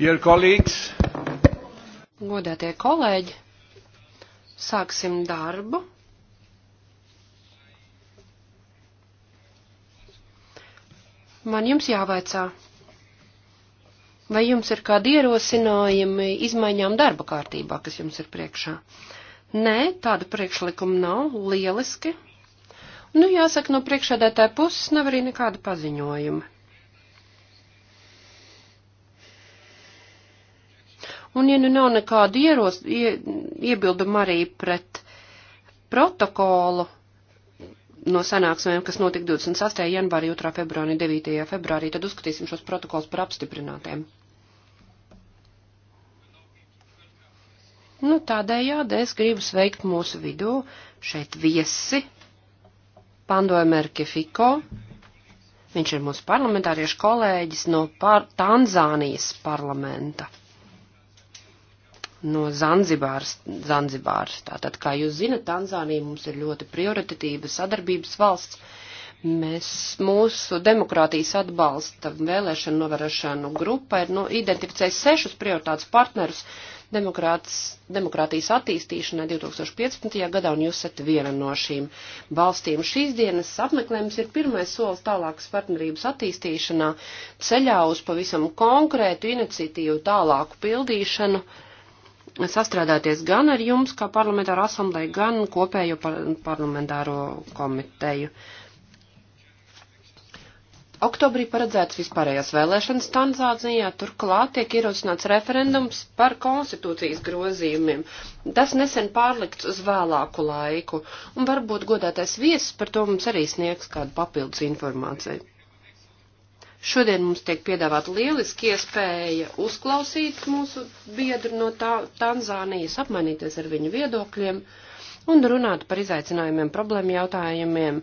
Dear colleagues, godātie kolēģi, sāksim darbu. Man jums jāvaicā, vai jums ir kādi ierosinājumi izmaiņām darba kārtībā, kas jums ir priekšā? Nē, tādu priekšlikumu nav, lieliski. Nu, jāsaka, no priekšādētāja puses nav arī nekāda paziņojuma. Un ja nu nav nekādu ieros, ie, iebildumu arī pret protokolu no sanāksmēm, kas notika 28. janvārī, 2. februārī, 9. februārī, tad uzskatīsim šos protokols par apstiprinātiem. Nu, tādējādi es gribu sveikt mūsu vidū šeit viesi Pandoja Merkefiko. Viņš ir mūsu parlamentāriešu kolēģis no par Tanzānijas parlamenta no Zanzibāras, Zanzibāras. Tātad, kā jūs zinat, Tanzānija mums ir ļoti prioritatīva sadarbības valsts. Mēs mūsu demokrātijas atbalsta vēlēšanu novērošanu grupa ir nu, identificējis sešus prioritātus partnerus demokrātijas attīstīšanai 2015. gadā, un jūs esat viena no šīm valstīm. Šīs dienas apmeklējums ir pirmais solis tālākas partnerības attīstīšanā, ceļā uz pavisam konkrētu iniciatīvu tālāku pildīšanu. Uh, sastrādāties gan ar jums, kā parlamentāru asambleju, gan kopējo par parlamentāro komiteju. Oktobrī paredzēts vispārējās vēlēšanas Tanzānijā, turklāt tiek ierosināts referendums par konstitūcijas grozījumiem. Tas nesen pārlikts uz vēlāku laiku, un varbūt godātais viesis par to mums arī sniegs kādu papildus informāciju. Šodien mums tiek piedāvāta lieliski iespēja uzklausīt mūsu biedru no tā, Tanzānijas, apmainīties ar viņu viedokļiem un runāt par izaicinājumiem, problēmu jautājumiem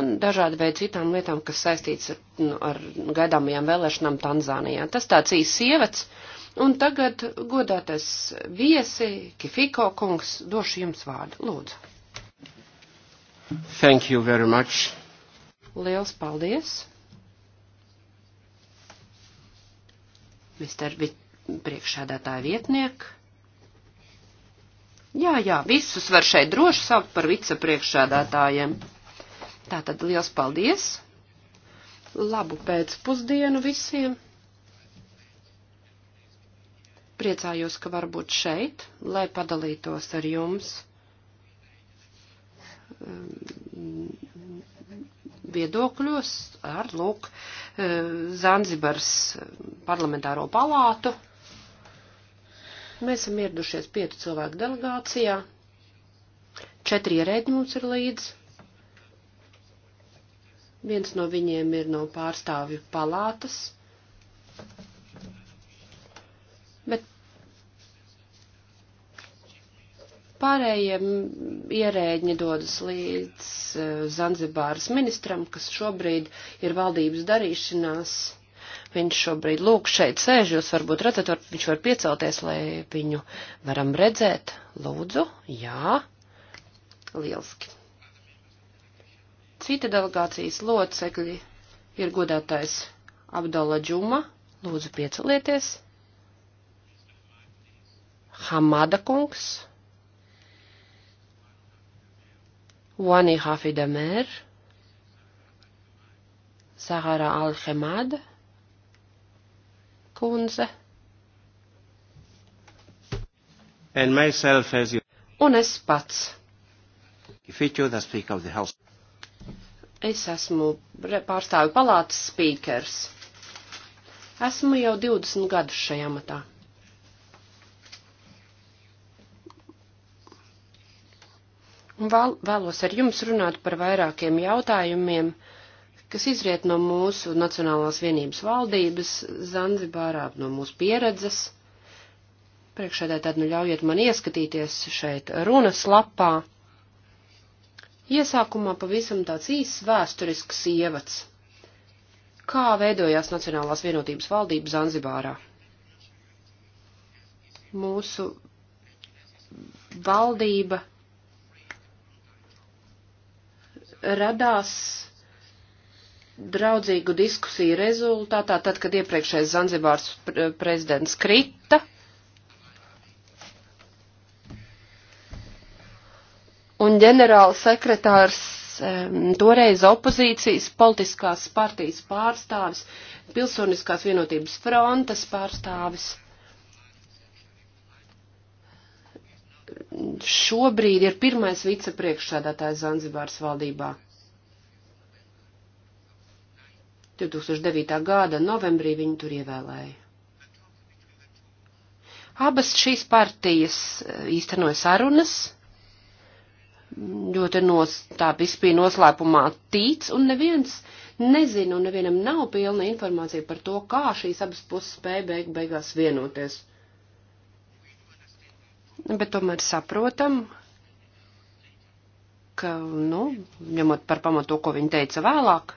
un dažādu veidu citām lietām, kas saistīts ar, nu, ar gaidāmajām vēlēšanām Tanzānijā. Tas tāds īsts ievads, un tagad godātais viesi Kifiko kungs došu jums vārdu. Lūdzu. Thank you very much. Liels paldies. Mr. priekšādātāja vietnieku. Jā, jā, visus var šeit droši saukt par vicepriekšādātājiem. Tātad liels paldies! Labu pēcpusdienu visiem! Priecājos, ka var būt šeit, lai padalītos ar jums viedokļos ar, lūk, eh, Zanzibars parlamentāro palātu. Mēs esam ieradušies pietu cilvēku delegācijā. Četri ierēģi mums ir līdz. Viens no viņiem ir no pārstāvju palātas. Bet Pārējie mm, ierēģi dodas līdz eh, Zanzibāras ministram, kas šobrīd ir valdības darīšanās. Viņš šobrīd lūk šeit sēž, jūs varbūt redzat, var, viņš var piecelties, lai viņu varam redzēt. Lūdzu, jā, lieliski. Cita delegācijas locekļi ir godātais Abdala Džuma, lūdzu piecelieties. Hamada kungs. Wani Hafi Damer, Sahara Al-Hemad, kundze. And myself as you. Un es pats. Es esmu pārstāvju palātas spīkers. Esmu jau 20 gadus šajā matā. un vēl, vēlos ar jums runāt par vairākiem jautājumiem, kas izriet no mūsu Nacionālās vienības valdības Zanzibārā, no mūsu pieredzes. Priekšēdē tad nu ļaujiet man ieskatīties šeit runas lapā. Iesākumā pavisam tāds īsts vēsturisks ievads. Kā veidojās Nacionālās vienotības valdība Zanzibārā? Mūsu valdība radās draudzīgu diskusiju rezultātā, tad, kad iepriekšējais Zanzibārs prezidents krita. Un ģenerāls sekretārs toreiz opozīcijas politiskās partijas pārstāvis, pilsoniskās vienotības frontes pārstāvis šobrīd ir pirmais vicepriekšsēdētājs Zanzibāras valdībā. 2009. gada novembrī viņu tur ievēlēja. Abas šīs partijas e, īstenoja sarunas, ļoti nos, tā viss bija noslēpumā tīts, un neviens nezina, un nevienam nav pilna informācija par to, kā šīs abas puses spēja beig beigās vienoties bet tomēr saprotam, ka, nu, ņemot par pamatu to, ko viņi teica vēlāk,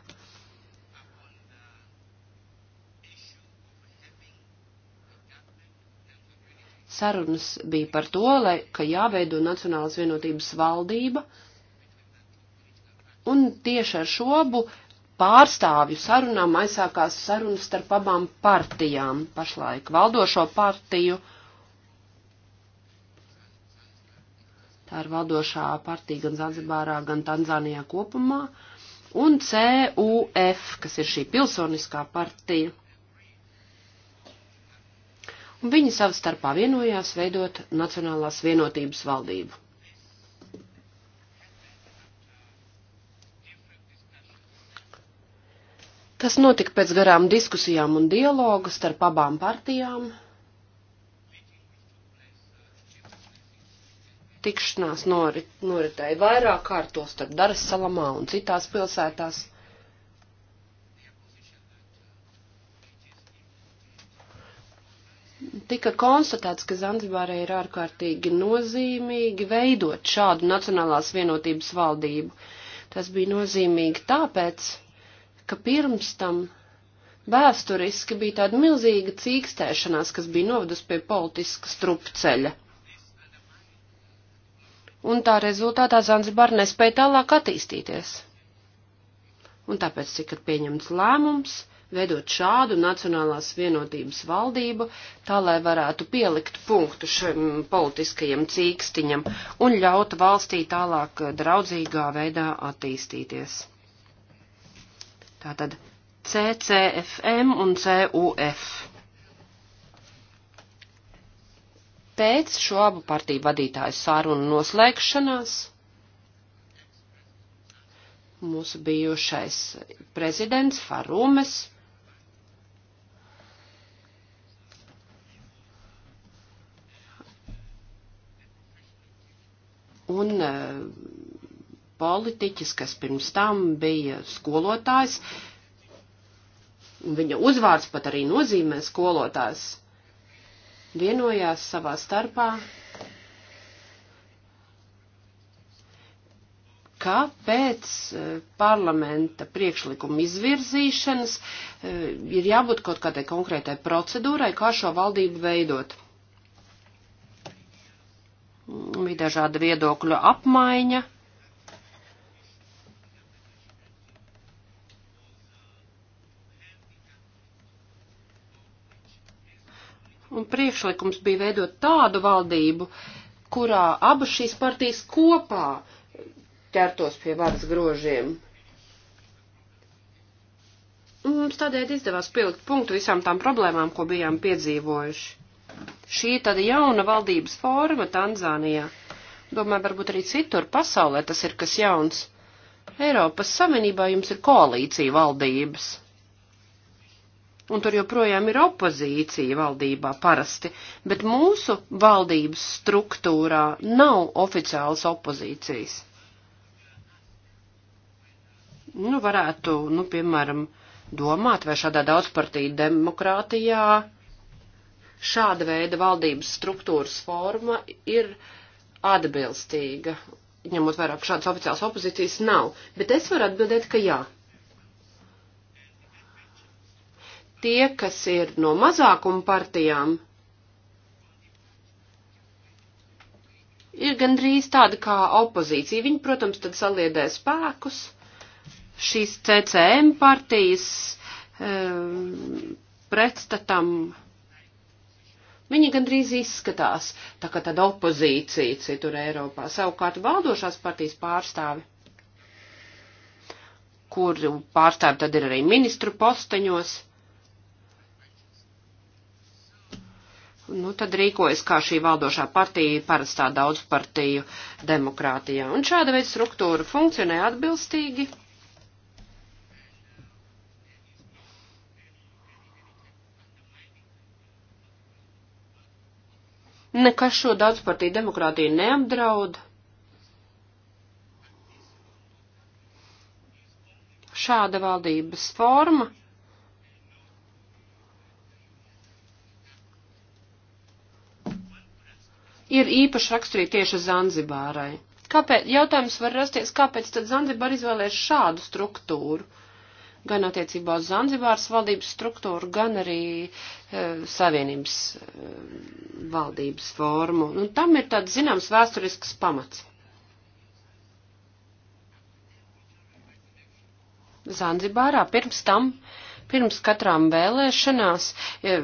sarunas bija par to, lai, ka jāveido Nacionālas vienotības valdība, un tieši ar šo abu pārstāvju sarunām aizsākās sarunas starp abām partijām pašlaik valdošo partiju. Uh, Tā ir vadošā partija gan Zanzibārā, gan Tanzānijā kopumā. Un CUF, kas ir šī pilsoniskā partija. Un viņi savas starpā vienojās veidot Nacionālās vienotības valdību. Tas notika pēc garām diskusijām un dialogu starp abām partijām, tikšanās norit, noritēja vairāk kārtos starp Daras salamā un citās pilsētās. Tika konstatēts, ka Zanzibārai ir ārkārtīgi nozīmīgi veidot šādu Nacionālās vienotības valdību. Tas bija nozīmīgi tāpēc, ka pirms tam vēsturiski bija tāda milzīga cīkstēšanās, kas bija novedusi pie politiska strupceļa un tā rezultātā Zanzibar nespēja tālāk attīstīties. Un tāpēc tika pieņemts lēmums veidot šādu Nacionālās vienotības valdību, tā lai varētu pielikt punktu šim politiskajam cīkstiņam un ļaut valstī tālāk draudzīgā veidā attīstīties. Tātad CCFM un CUF. Pēc šo abu partiju vadītāju sārunu noslēgšanās mūsu bijušais prezidents Farūmes un e, politiķis, kas pirms tam bija skolotājs, viņa uzvārds pat arī nozīmē skolotājs, vienojās savā starpā, ka pēc e, parlamenta priekšlikuma izvirzīšanas e, ir jābūt kaut kādai konkrētai procedūrai, kā šo valdību veidot. Bija dažāda viedokļu apmaiņa Un priekšlikums bija veidot tādu valdību, kurā abas šīs partijas kopā ķertos pie varas grožiem. Un mums tādēļ izdevās pielikt punktu visām tām problēmām, ko bijām piedzīvojuši. Šī tāda jauna valdības forma Tanzānijā, domāju, varbūt arī citur pasaulē tas ir kas jauns. Eiropas Savienībā jums ir koalīcija valdības un tur joprojām ir opozīcija valdībā parasti, bet mūsu valdības struktūrā nav oficiālas opozīcijas. Nu, varētu, nu, piemēram, domāt, vai šādā daudzpartija demokrātijā šāda veida valdības struktūras forma ir atbilstīga, ņemot vairāk šādas oficiālas opozīcijas nav, bet es varu atbildēt, ka jā. tie, kas ir no mazākuma partijām, ir gandrīz tāda kā opozīcija. Viņi, protams, tad saliedē spēkus, šīs CCM partijas um, pretstatam. Viņi gandrīz izskatās tā kā tāda opozīcija citur Eiropā. Savukārt valdošās partijas pārstāvi, kur pārstāvi tad ir arī ministru posteņos nu, tad rīkojas kā šī valdošā partija parastā daudzpartiju demokrātijā. Un šāda veida struktūra funkcionē atbilstīgi. Nekas šo daudzpartiju demokrātiju neapdraud. Šāda valdības forma ir īpaši raksturīgi tieši Zanzibārai. Kāpēc, jautājums var rasties, kāpēc tad Zanzibar izvēlēs šādu struktūru? Gan attiecībā uz Zanzibāras valdības struktūru, gan arī e, savienības e, valdības formu. Un nu, tam ir tāds zināms vēsturisks pamats. Zanzibārā pirms tam Pirms katrām vēlēšanās, e,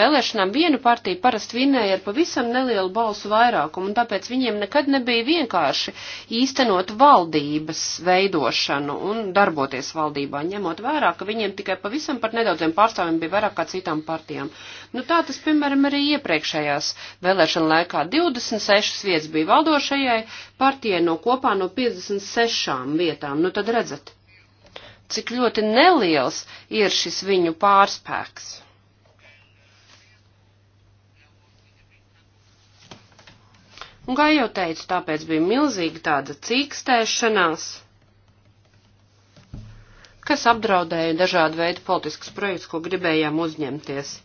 vēlēšanām viena partija parasti vinēja ar pavisam nelielu balsu vairākumu, un tāpēc viņiem nekad nebija vienkārši īstenot valdības veidošanu un darboties valdībā, ņemot vērā, ka viņiem tikai pavisam par nedaudziem pārstāvjiem bija vairāk kā citām partijām. Nu tā tas, piemēram, arī iepriekšējās vēlēšana laikā 26 vietas bija valdošajai partijai no kopā no 56 vietām. Nu tad redzat cik ļoti neliels ir šis viņu pārspēks. Un, kā jau teicu, tāpēc bija milzīga tāda cīkstēšanās, kas apdraudēja dažādu veidu politiskas projekts, ko gribējām uzņemties.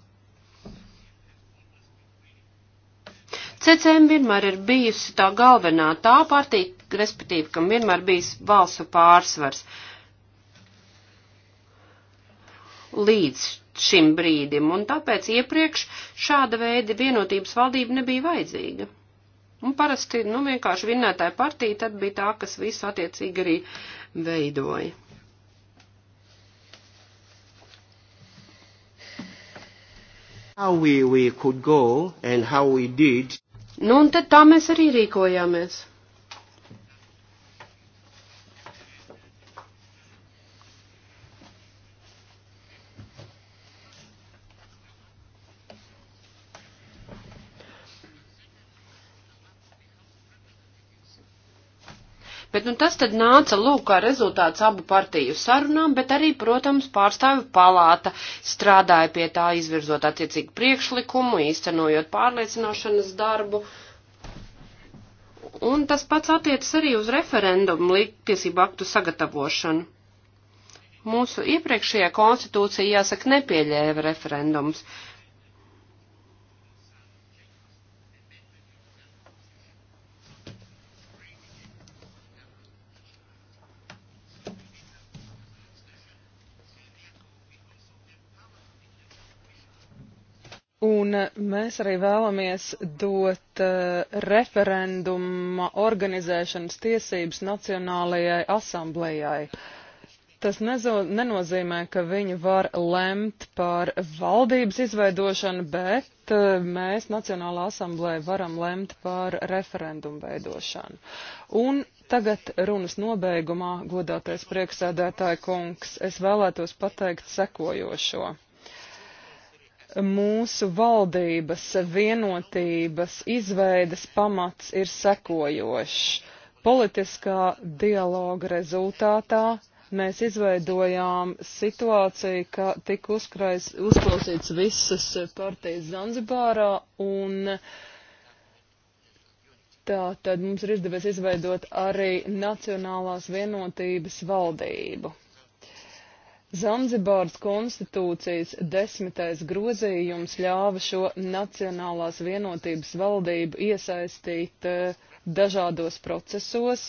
CCM vienmēr ir bijusi tā galvenā tā partija, respektīvi, kam vienmēr bijis valsu pārsvars. Uh, līdz šim brīdim, un tāpēc iepriekš šāda veida vienotības valdība nebija vajadzīga. Un parasti, nu, vienkārši vinnētāja partija tad bija tā, kas visu attiecīgi arī veidoja. How we, we could go and how we did. Nu, un tad tā mēs arī rīkojāmies. Bet nu, tas tad nāca lūk kā rezultāts abu partiju sarunām, bet arī, protams, pārstāvi palāta strādāja pie tā, izvirzot attiecīgu priekšlikumu, īstenojot pārliecināšanas darbu. Un tas pats attiecas arī uz referendumu tiesību aktu sagatavošanu. Mūsu iepriekšējā konstitūcija, jāsaka, nepieļēva referendums, Un eh, mēs arī vēlamies dot uh, referenduma organizēšanas tiesības Nacionālajai asamblējai. Tas nezo, nenozīmē, ka viņi var lemt par valdības izveidošanu, bet uh, mēs Nacionālā asamblēja varam lemt par referendumu veidošanu. Un tagad runas nobeigumā, godātais prieksēdētāja kungs, es vēlētos pateikt sekojošo mūsu valdības vienotības izveidas pamats ir sekojošs. Politiskā dialoga rezultātā mēs izveidojām situāciju, ka tika uzkrais, uzklausīts visas partijas Zanzibārā un tā tad mums ir izdevies izveidot arī Nacionālās vienotības valdību. Zanzibāras konstitūcijas desmitais grozījums ļāva šo Nacionālās vienotības valdību iesaistīt eh, dažādos procesos,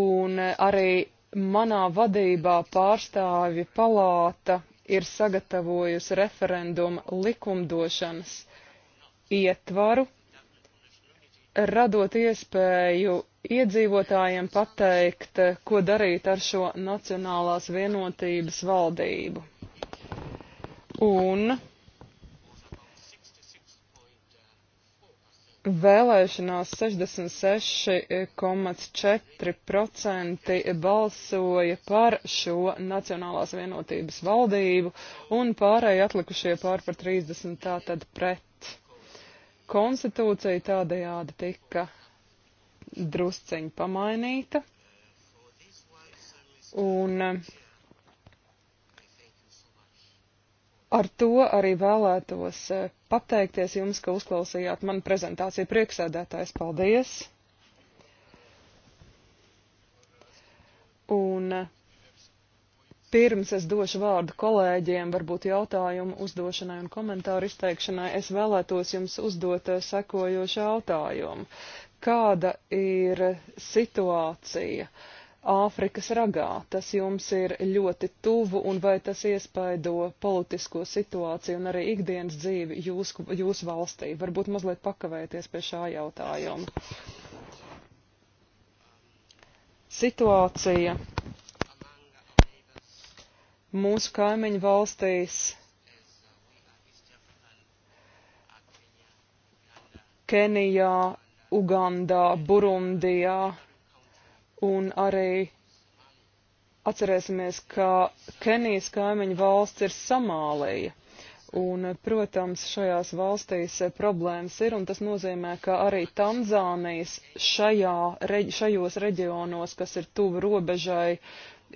un eh, arī manā vadībā pārstāvju palāta ir sagatavojusi referendumu likumdošanas ietvaru, radot iespēju iedzīvotājiem pateikt, ko darīt ar šo Nacionālās vienotības valdību. Un vēlēšanās 66,4% balsoja par šo Nacionālās vienotības valdību un pārējie atlikušie pār par 30 tātad pret konstitūcija tādējādi tika drusciņ pamainīta. Un eh, ar to arī vēlētos eh, pateikties jums, ka uzklausījāt manu prezentāciju prieksēdētājs. Paldies! Un eh, Pirms es došu vārdu kolēģiem, varbūt jautājumu uzdošanai un komentāru izteikšanai, es vēlētos jums uzdot eh, sekojošu jautājumu. Kāda ir situācija Āfrikas ragā? Tas jums ir ļoti tuvu un vai tas iespaido politisko situāciju un arī ikdienas dzīvi jūsu jūs valstī? Varbūt mazliet pakavēties pie šā jautājuma. Situācija mūsu kaimiņu valstīs. Kenijā, Ugandā, Burundijā un arī atcerēsimies, ka Kenijas kaimiņu valsts ir Somālija. Un, protams, šajās valstīs problēmas ir, un tas nozīmē, ka arī Tanzānijas šajā, reģ, šajos reģionos, kas ir tuvu robežai,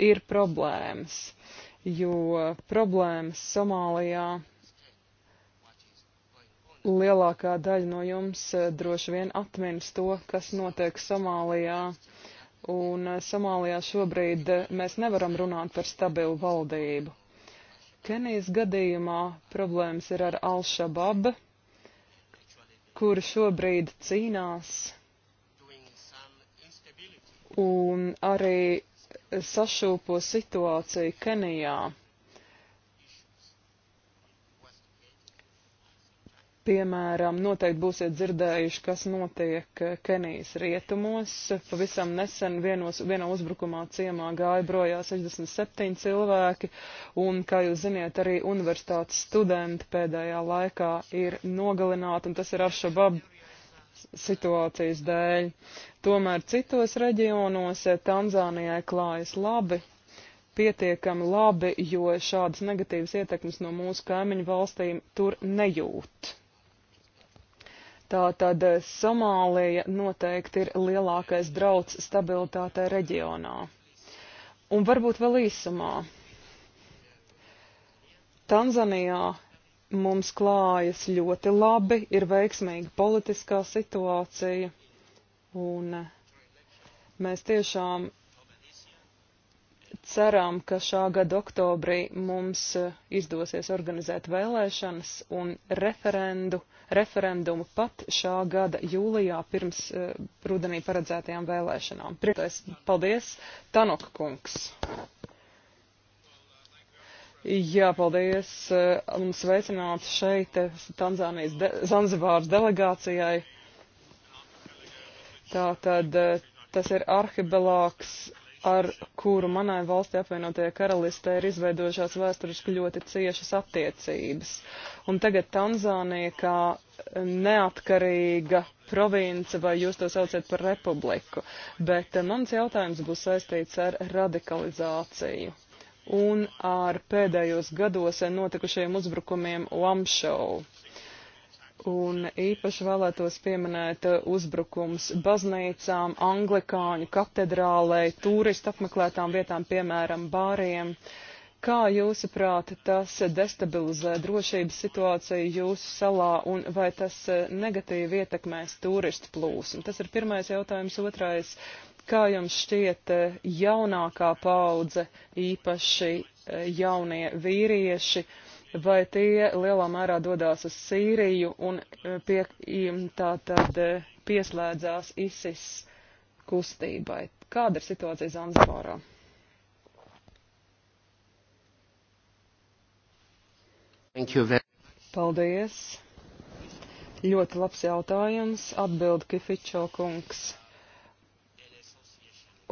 ir problēmas. Uh, jo problēmas Somālijā lielākā daļa no jums eh, droši vien atminas to, kas notiek Somālijā. Un eh, Somālijā šobrīd eh, mēs nevaram runāt par stabilu valdību. Kenijas gadījumā problēmas ir ar Al-Shababu, kuri šobrīd cīnās, un arī sašūpo situāciju Kenijā. Piemēram, noteikti būsiet dzirdējuši, kas notiek eh, Kenijas rietumos. Pavisam nesen vienos, vienā uzbrukumā ciemā gāja brojā 67 cilvēki, un, kā jūs ziniet, arī universitātes studenti pēdējā laikā ir nogalināti, un tas ir Aršabab situācijas dēļ. Tomēr citos reģionos Tanzānijai klājas labi, pietiekami labi, jo šādas negatīvas ietekmes no mūsu kaimiņu valstīm tur nejūt. Tātad Somālija noteikti ir lielākais drauds stabilitātē reģionā. Un varbūt vēl īsumā. Tanzanijā mums klājas ļoti labi, ir veiksmīga politiskā situācija, un eh, mēs tiešām ceram, ka šā gada oktobrī mums eh, izdosies organizēt vēlēšanas un referendu, referendumu pat šā gada jūlijā pirms uh, rudenī paredzētajām vēlēšanām. Priekais, paldies, Tanok kungs! Jā, paldies. Eh, Un sveicināts šeit eh, Tanzānijas de Zanzibāras delegācijai. Tātad eh, tas ir arhibelāks, ar kuru manai valstī apvienotajā karalistē ir izveidojušās vēsturiski ļoti ciešas attiecības. Un tagad Tanzānija kā neatkarīga province, vai jūs to saucat par republiku, bet mans jautājums būs saistīts ar radikalizāciju un ar pēdējos gados notikušajiem uzbrukumiem Lamšau. Un īpaši vēlētos pieminēt uh, uzbrukums baznīcām, anglikāņu katedrālei, turistu apmeklētām vietām, piemēram, bāriem. Kā jūsuprāt, tas destabilizē drošības situāciju jūsu salā un vai tas uh, negatīvi ietekmēs turistu plūsmu? Tas ir pirmais jautājums. Otrais Kā jums šķiet eh, jaunākā paudze, īpaši eh, jaunie vīrieši, vai tie lielā mērā dodās uz Sīriju un eh, pie, tā tad pieslēdzās ISIS kustībai? Kāda ir situācija Zanzibārā? Paldies! Ļoti labs jautājums, atbild Kifičo kungs.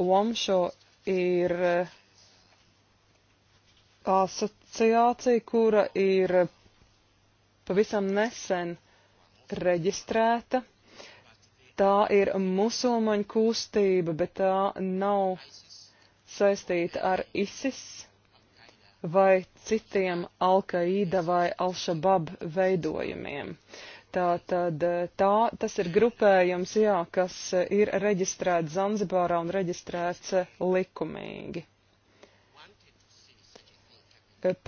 Uamšo ir eh, asociācija, kura ir pavisam nesen reģistrēta. Tā ir musulmaņu kustība, bet tā nav saistīta ar ISIS vai citiem Alkaīda vai Alšabab veidojumiem. Uh, Tā tad eh, tā, tas ir grupējums, jā, kas eh, ir reģistrēts Zanzibārā un reģistrēts eh, likumīgi.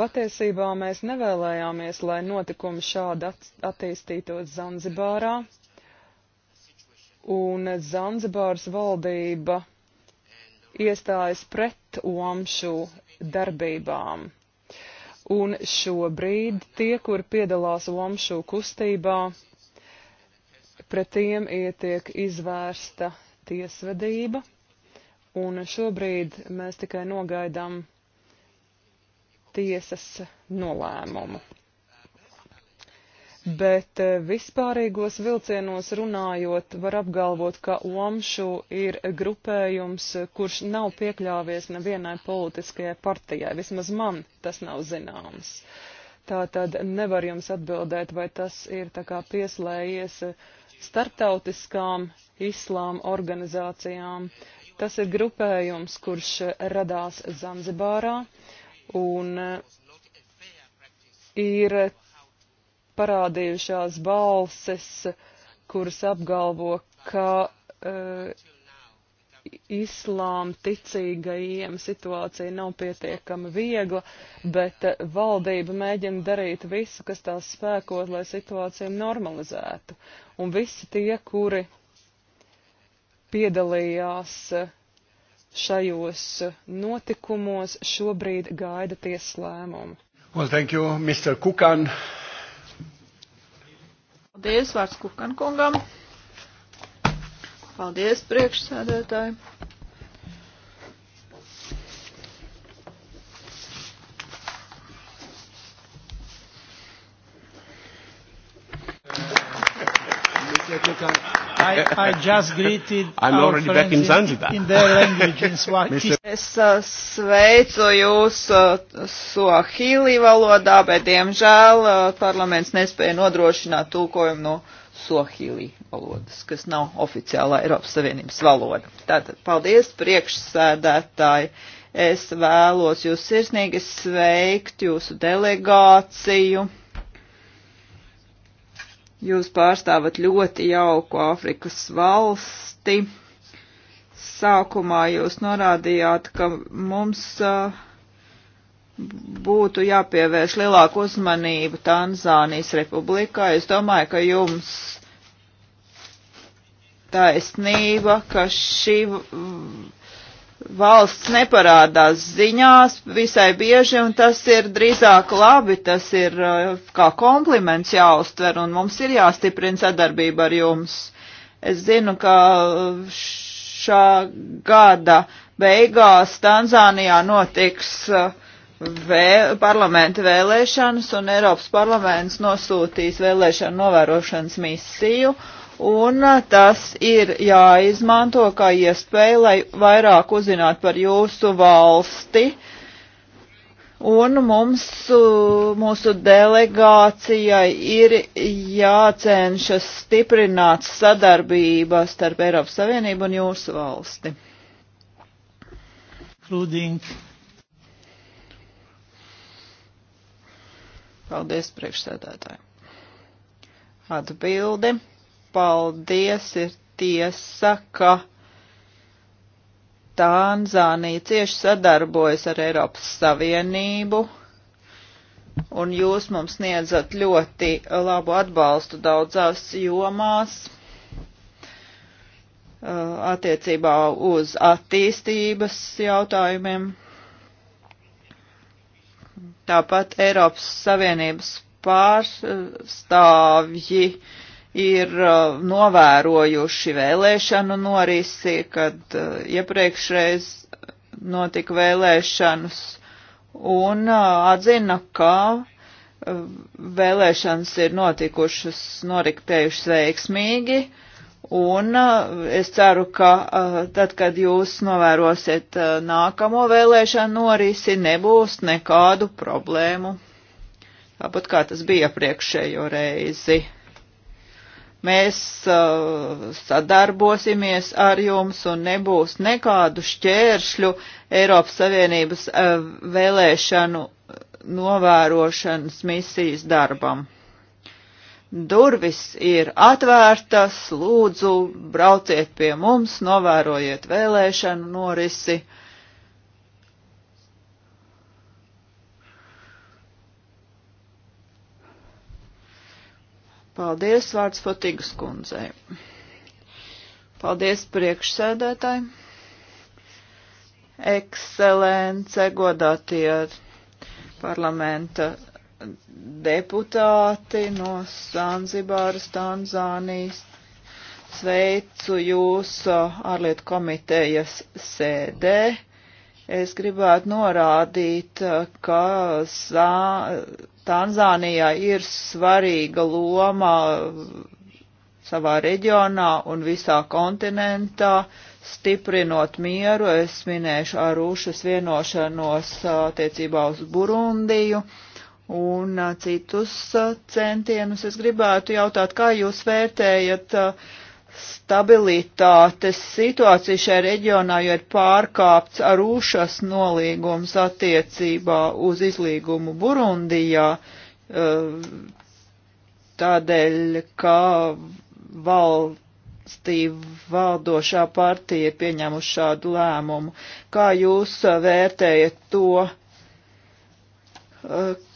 Patiesībā mēs nevēlējāmies, lai notikumi šādi at attīstītos Zanzibārā, un Zanzibāras valdība iestājas pret Uamšu darbībām un šobrīd tie, kur piedalās Lomšu kustībā, pret tiem ietiek izvērsta tiesvedība, un šobrīd mēs tikai nogaidām tiesas nolēmumu bet eh, vispārīgos vilcienos runājot, var apgalvot, ka Omšu ir grupējums, kurš nav piekļāvies nevienai politiskajai partijai. Vismaz man tas nav zināms. Tā tad nevar jums atbildēt, vai tas ir tā kā pieslējies starptautiskām islāma organizācijām. Tas ir grupējums, kurš radās Zanzibārā un eh, ir parādījušās balses, kuras apgalvo, ka uh, islām ticīgajiem situācija nav pietiekama viegla, bet eh, valdība mēģina darīt visu, kas tās spēkot, lai situāciju normalizētu. Un visi tie, kuri piedalījās eh, šajos notikumos, šobrīd gaida tieslēmumu. Well, thank you, Mr. Kukan. Paldies, vārds Kukankungam. Paldies, priekšsēdētāji. I, I just greeted I'm already back in Zanzibar. In, in their language, in Swahili. es uh, sveicu jūs uh, Swahili valodā, bet diemžēl uh, parlaments nespēja nodrošināt tulkojumu no Swahili valodas, kas nav oficiālā Eiropas Savienības valoda. Tātad paldies priekšsēdētāji. Es vēlos jūs sirsnīgi sveikt jūsu delegāciju. Jūs pārstāvat ļoti jauku Āfrikas valsti. Sākumā jūs norādījāt, ka mums uh, būtu jāpievērš lielāku uzmanību Tanzānijas republikā. Es domāju, ka jums taisnība, ka šī valsts neparādās ziņās visai bieži, un tas ir drīzāk labi, tas ir uh, kā kompliments jāuztver, un mums ir jāstiprina sadarbība ar jums. Es zinu, ka uh, šā gada beigās Tanzānijā notiks uh, vē, parlamenta vēlēšanas, un Eiropas parlaments nosūtīs vēlēšanu novērošanas misiju, uh, un uh, tas ir jāizmanto kā iespēja, lai vairāk uzzinātu par jūsu valsti. Un mums, uh, mūsu delegācijai ir jācenšas stiprināt sadarbība starp Eiropas Savienību un jūsu valsti. Including. Paldies priekšsēdētāji. Atbildi paldies, ir tiesa, ka Tanzānija cieši sadarbojas ar Eiropas Savienību, un jūs mums sniedzat ļoti labu atbalstu daudzās jomās uh, attiecībā uz attīstības jautājumiem. Tāpat Eiropas Savienības pārstāvji uh, ir uh, novērojuši vēlēšanu norisi, kad uh, iepriekšreiz notika vēlēšanas, un uh, atzina, ka vēlēšanas ir notikušas, noriktējušas veiksmīgi, un es ceru, ka tad, kad jūs novērosiet nākamo vēlēšanu norisi, nebūs nekādu problēmu. Tāpat kā tas bija priekšējo reizi. Mēs uh, sadarbosimies ar jums un nebūs nekādu šķēršļu Eiropas Savienības uh, vēlēšanu uh, novērošanas misijas darbam. Durvis ir atvērtas, lūdzu, brauciet pie mums, novērojiet vēlēšanu norisi. Uh, Paldies, vārds Fotigas kundzei. Paldies priekšsēdētāji. Ekscelence, godātie parlamenta deputāti no Sanzibāras, Tanzānijas. Sveicu jūs ārlietu komitejas sēdē Es gribētu norādīt, eh, ka Zā, Tanzānijā ir svarīga loma savā reģionā un visā kontinentā, stiprinot mieru. Es minēšu Arūšas vienošanos eh, attiecībā uz Burundiju un eh, citus centienus. Es gribētu jautāt, kā jūs vērtējat uh, stabilitātes situācija šajā reģionā, jo ir pārkāpts arūšas nolīgums attiecībā uz izlīgumu Burundijā, eh, tādēļ, ka valstī valdošā partija ir pieņēmuši šādu lēmumu. Kā jūs vērtējat to, eh,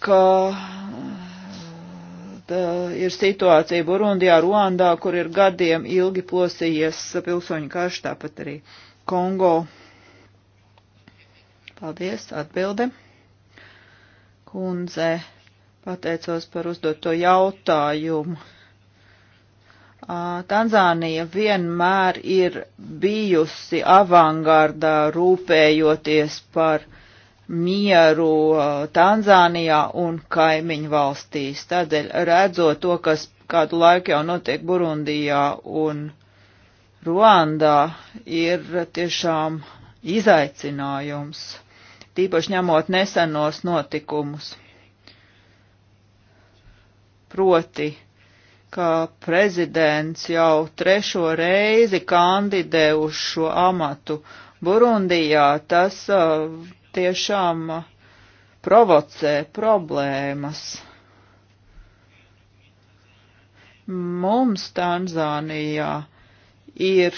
ka Eh, ir situācija Burundijā, Ruandā, kur ir gadiem ilgi plosījies pilsoņu karš, tāpat arī Kongo. Paldies, atbilde. Kundze, pateicos par uzdoto jautājumu. Tanzānija vienmēr ir bijusi avangardā rūpējoties par mieru Tanzānijā un kaimiņu valstīs. Tādēļ redzot to, kas kādu laiku jau notiek Burundijā un Ruandā, ir tiešām izaicinājums, tīpaši ņemot nesenos notikumus. Proti, ka prezidents jau trešo reizi kandidē uz šo amatu Burundijā, tas uh, tiešām provocē problēmas. Mums Tanzānijā ir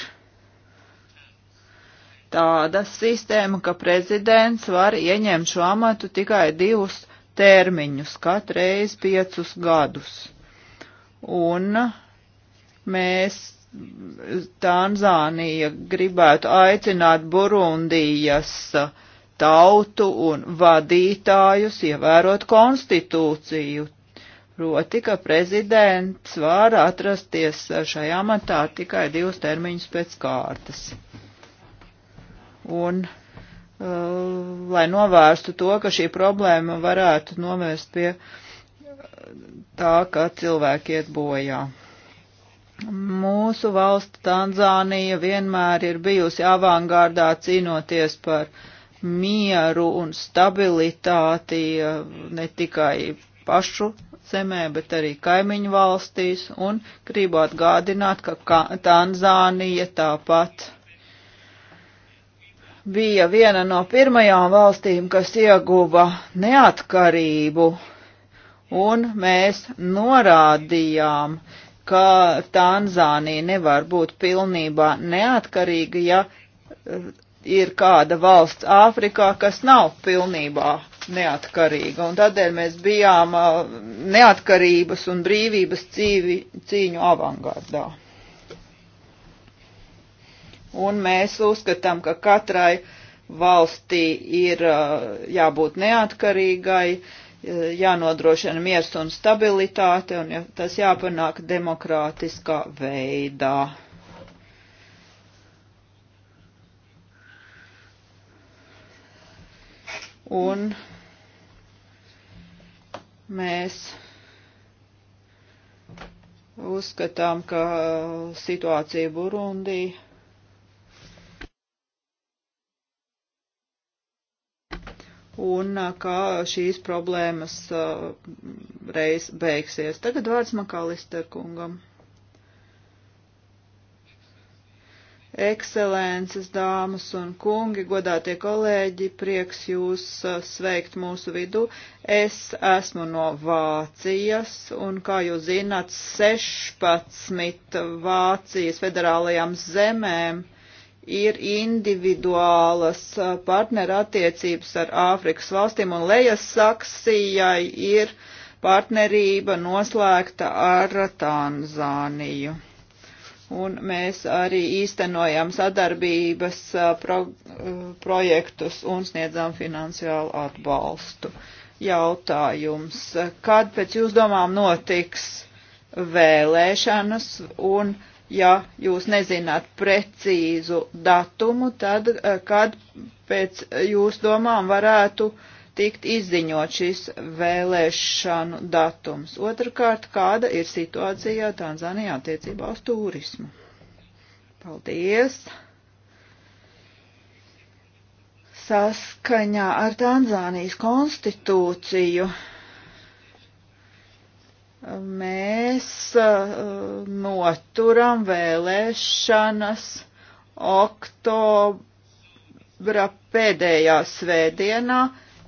tāda sistēma, ka prezidents var ieņemt šo amatu tikai divus termiņus, katreiz piecus gadus. Un mēs Tanzānija gribētu aicināt Burundijas uh, tautu un vadītājus ievērot konstitūciju. Proti, ka prezidents var atrasties šajā matā tikai divus termiņus pēc kārtas. Un, uh, lai novērstu to, ka šī problēma varētu novērst pie uh, tā, ka cilvēki iet bojā. Mūsu valsts Tanzānija vienmēr ir bijusi avangārdā cīnoties par uh, mieru un stabilitāti ne tikai pašu zemē, bet arī kaimiņu valstīs, un gribu atgādināt, ka Tanzānija tāpat bija viena no pirmajām valstīm, kas ieguva neatkarību, un mēs norādījām, ka Tanzānija nevar būt pilnībā neatkarīga, ja ir kāda valsts Āfrikā, kas nav pilnībā neatkarīga, un tādēļ mēs bijām uh, neatkarības un brīvības cīvi, cīņu avangardā. Un mēs uzskatām, ka katrai valstī ir uh, jābūt neatkarīgai, uh, jānodrošina miers un stabilitāte, un tas jāpanāk demokrātiskā veidā un mēs uzskatām, ka situācija Burundī un kā šīs problēmas uh, reiz beigsies. Tagad vārds Makalister kungam. Ekscelences, dāmas un kungi, godātie kolēģi, prieks jūs uh, sveikt mūsu vidū. Es esmu no Vācijas un, kā jūs zināt, 16 Vācijas federālajām zemēm ir individuālas uh, partnerattiecības ar Āfrikas valstīm un lejas saksijai ir partnerība noslēgta ar Tanzāniju un mēs arī īstenojam sadarbības pro, projektus un sniedzam finansiālu atbalstu. Jautājums, kad pēc jūs domām notiks vēlēšanas un, ja jūs nezināt precīzu datumu, tad kad pēc jūs domām varētu uh, tikt izziņot šis vēlēšanu datums. Otrakārt, kāda ir situācija Tanzānijā attiecībā uz turismu? Paldies! Saskaņā ar Tanzānijas konstitūciju mēs uh, noturam vēlēšanas oktobra pēdējā svētdienā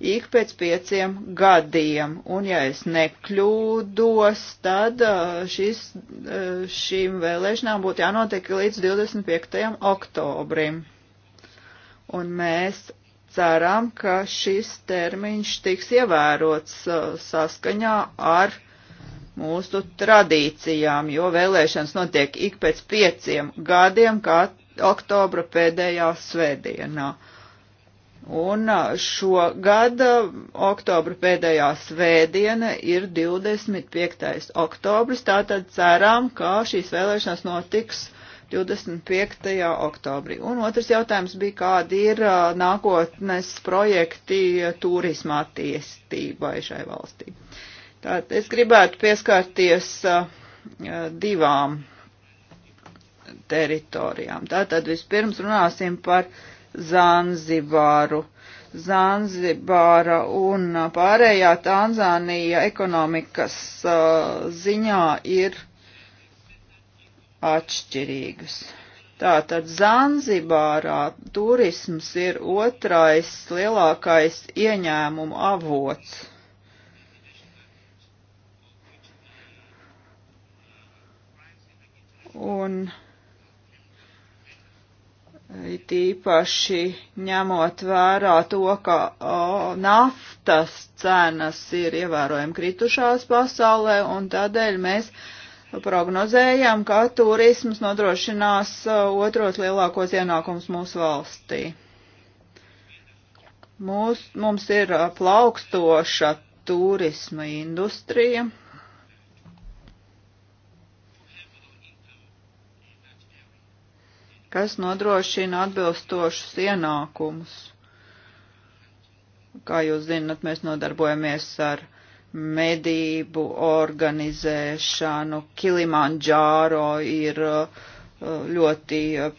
ik pēc pieciem gadiem. Un, ja es nekļūdos, tad uh, šis, uh, šīm vēlēšanām būtu jānotiek līdz 25. oktobrim. Un mēs ceram, ka šis termiņš tiks ievērots uh, saskaņā ar mūsu tradīcijām, jo vēlēšanas notiek ik pēc pieciem gadiem, kā oktobra pēdējā svētdienā. Uh, Un šo gada oktobra pēdējā svētdiena ir 25. oktobris, tātad ceram, ka šīs vēlēšanas notiks 25. oktobrī. Un otrs jautājums bija, kādi ir nākotnes projekti turisma attīstībai šai valstī. Tātad es gribētu pieskarties divām teritorijām. Tātad vispirms runāsim par Zanzibāru. Zanzibāra un pārējā Tanzānija ekonomikas uh, ziņā ir atšķirīgas. Tātad Zanzibārā turisms ir otrais lielākais ieņēmumu avots. Un It īpaši ņemot vērā to, ka o, naftas cenas ir ievērojami kritušās pasaulē, un tādēļ mēs prognozējam, ka turisms nodrošinās otros lielākos ienākums mūsu valstī. Mūs, mums ir plaukstoša turisma industrija. kas nodrošina atbilstošus ienākumus. Kā jūs zinat, mēs nodarbojamies ar medību organizēšanu. Kilimandžāro ir uh, ļoti uh,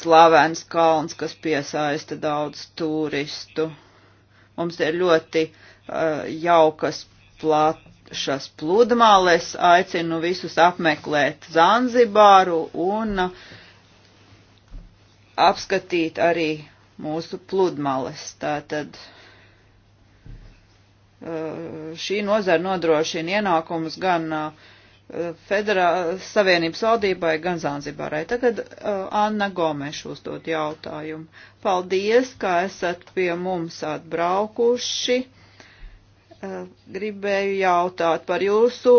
slavens kalns, kas piesaista daudz turistu. Mums ir ļoti uh, jaukas plašas pludmales, aicinu visus apmeklēt Zanzibāru un uh, apskatīt arī mūsu pludmales. Tātad uh, šī nozara nodrošina ienākumus gan uh, federā, Savienības valdībai, gan Zanzibarai. Tagad uh, Anna Gomeša uzdot jautājumu. Paldies, ka esat pie mums atbraukuši gribēju jautāt par jūsu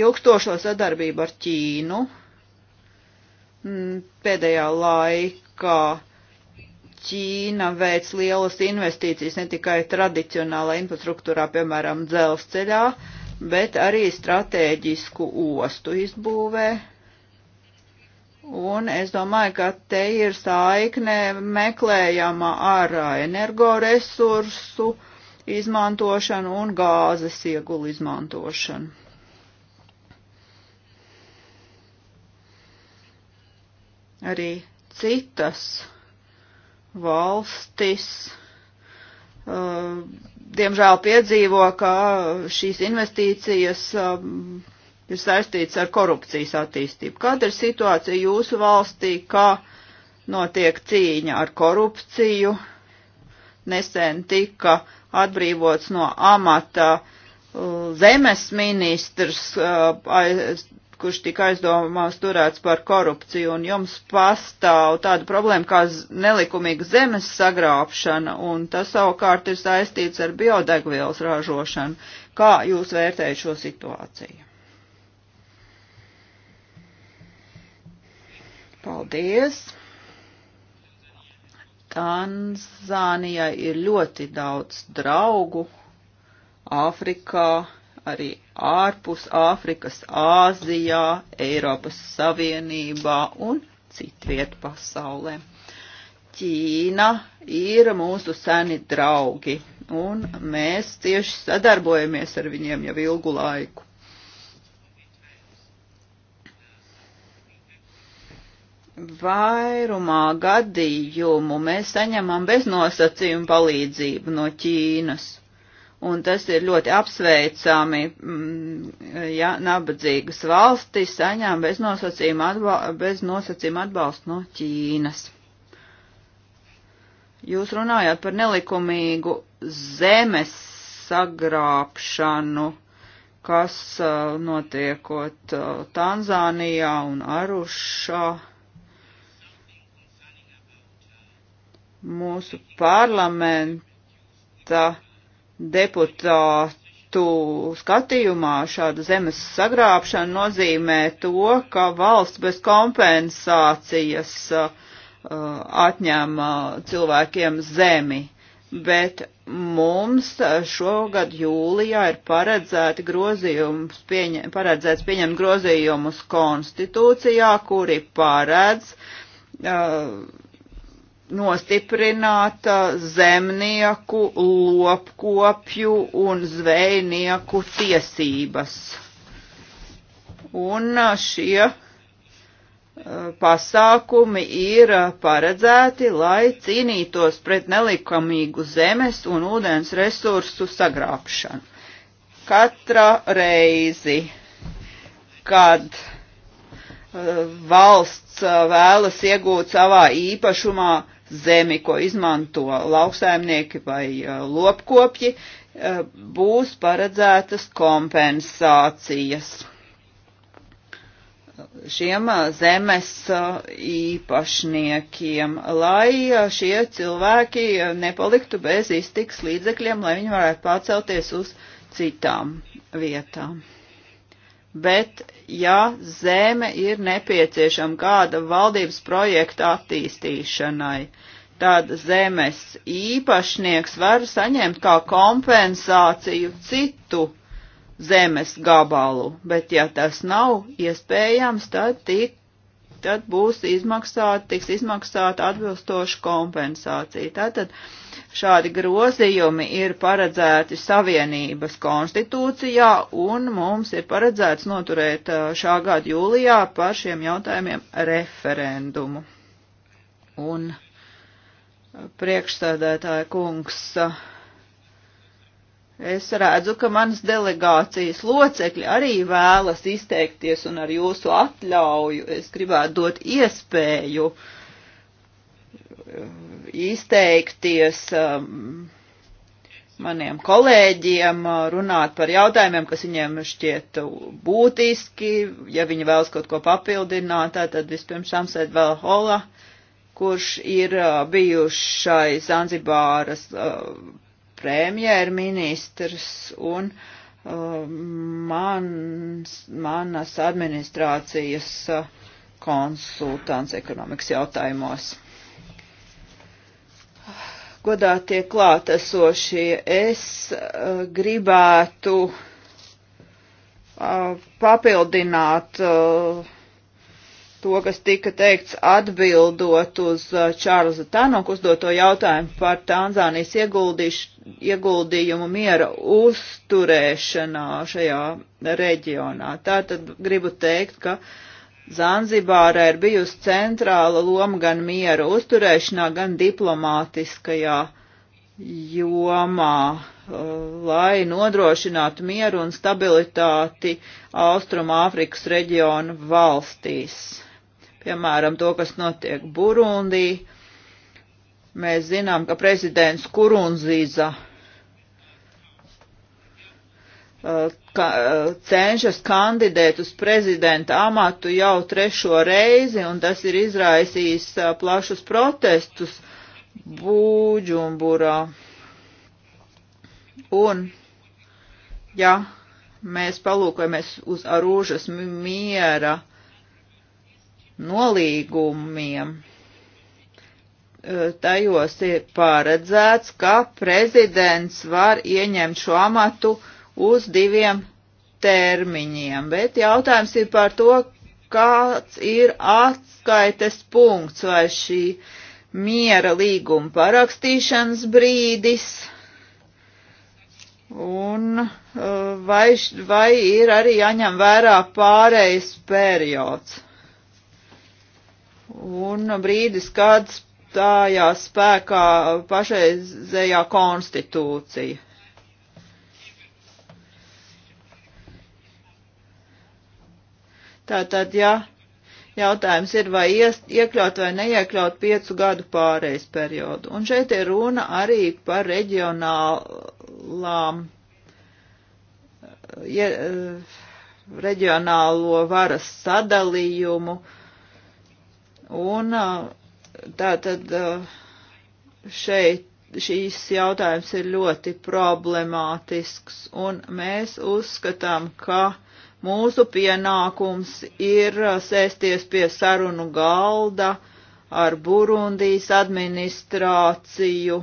ilgstošo sadarbību ar Ķīnu. Mm, pēdējā laikā Ķīna veic lielas investīcijas ne tikai tradicionālā infrastruktūrā, piemēram, dzelzceļā, bet arī strateģisku ostu izbūvē. Un es domāju, ka te ir saikne meklējama ar energoresursu izmantošanu un gāzes iegulu izmantošanu. arī citas valstis. Uh, diemžēl piedzīvo, ka šīs investīcijas um, ir saistīts ar korupcijas attīstību. Kāda ir situācija jūsu valstī, kā notiek cīņa ar korupciju? Nesen tika atbrīvots no amata uh, zemes ministrs uh, aiz, kurš tika aizdomās turēts par korupciju, un jums pastāv tāda problēma kā nelikumīga zemes sagrābšana, un tas savukārt ir saistīts ar biodegvielas ražošanu. Kā jūs vērtējat šo situāciju? Paldies! Tanzānijai ir ļoti daudz draugu Āfrikā arī ārpus Āfrikas, Āzijā, Eiropas Savienībā un citviet pasaulē. Ķīna ir mūsu seni draugi, un mēs cieši sadarbojamies ar viņiem jau ilgu laiku. Vairumā gadījumu mēs saņemam beznosacījumu palīdzību no Ķīnas un tas ir ļoti apsveicami, mm, ja nabadzīgas valstis saņem beznosacījuma atbalstu, bez atbalstu no Ķīnas. Jūs runājāt par nelikumīgu zemes sagrābšanu, kas notiekot Tanzānijā un Arušā. Mūsu parlamenta deputātu skatījumā šāda zemes sagrābšana nozīmē to, ka valsts bez kompensācijas uh, atņem uh, cilvēkiem zemi, bet mums šogad jūlijā ir paredzēti grozījums, pieņem, paredzēts pieņemt grozījumus konstitūcijā, kuri paredz uh, nostiprināta uh, zemnieku, lopkopju un zvejnieku tiesības. Un uh, šie uh, pasākumi ir paredzēti, lai cīnītos pret nelikumīgu zemes un ūdens resursu sagrābšanu. Katra reizi, kad valsts vēlas iegūt savā īpašumā zemi, ko izmanto lauksaimnieki vai lopkopji, būs paredzētas kompensācijas šiem zemes īpašniekiem, lai šie cilvēki nepaliktu bez iztiks līdzekļiem, lai viņi varētu pārcelties uz citām vietām. Bet ja zeme ir nepieciešama kāda valdības projekta attīstīšanai. Tad zemes īpašnieks var saņemt kā kompensāciju citu zemes gabalu, bet ja tas nav iespējams, tad tik tad būs izmaksāta, tiks izmaksāta atbilstoša kompensācija. Tātad Šādi grozījumi ir paredzēti Savienības konstitūcijā un mums ir paredzēts noturēt šā gada jūlijā par šiem jautājumiem referendumu. Un priekšstādētāja kungs. Es redzu, ka manas delegācijas locekļi arī vēlas izteikties un ar jūsu atļauju es gribētu dot iespēju uh, izteikties um, maniem kolēģiem, uh, runāt par jautājumiem, kas viņiem šķiet būtiski. Ja viņi vēlas kaut ko papildināt, tad vispirms Šamsēt vēl Hola, kurš ir uh, bijušai Zanzibāras uh, premjerministrs un mans, manas administrācijas konsultants ekonomikas jautājumos. Godātie klātesošie, es uh, gribētu uh, papildināt uh, to, kas tika teikts atbildot uz Čārlza Tanoku uzdoto jautājumu par Tanzānijas ieguldījumu miera uzturēšanā šajā reģionā. Tātad gribu teikt, ka uh, Zanzibārā ir bijusi centrāla loma gan miera uzturēšanā, gan diplomātiskajā jomā, uh, lai nodrošinātu mieru un stabilitāti Austrumāfrikas reģionu valstīs. Piemēram, to, kas notiek Burundī. Mēs zinām, ka prezidents Kurunzīza ka, cenšas kandidēt uz prezidenta amatu jau trešo reizi, un tas ir izraisījis plašus protestus Būģumburā. Un, ja mēs palūkojamies uz arūžas miera nolīgumiem, tajos ir paredzēts, ka prezidents var ieņemt šo amatu uh, uz diviem termiņiem, bet jautājums ir par to, kāds ir atskaites punkts vai šī miera līguma parakstīšanas brīdis. Un uh, vai, vai ir arī jāņem vērā pārējais periods? Un brīdis, kad stājās spēkā pašreizējā konstitūcija. Tātad, ja jautājums ir, vai iest, iekļaut vai neiekļaut piecu gadu pārejas periodu. Un šeit ir runa arī par reģionālām, ja, reģionālo varas sadalījumu. Un tātad šeit šīs jautājums ir ļoti problemātisks, un mēs uzskatām, ka Mūsu pienākums ir uh, sēsties pie sarunu galda ar Burundijas administrāciju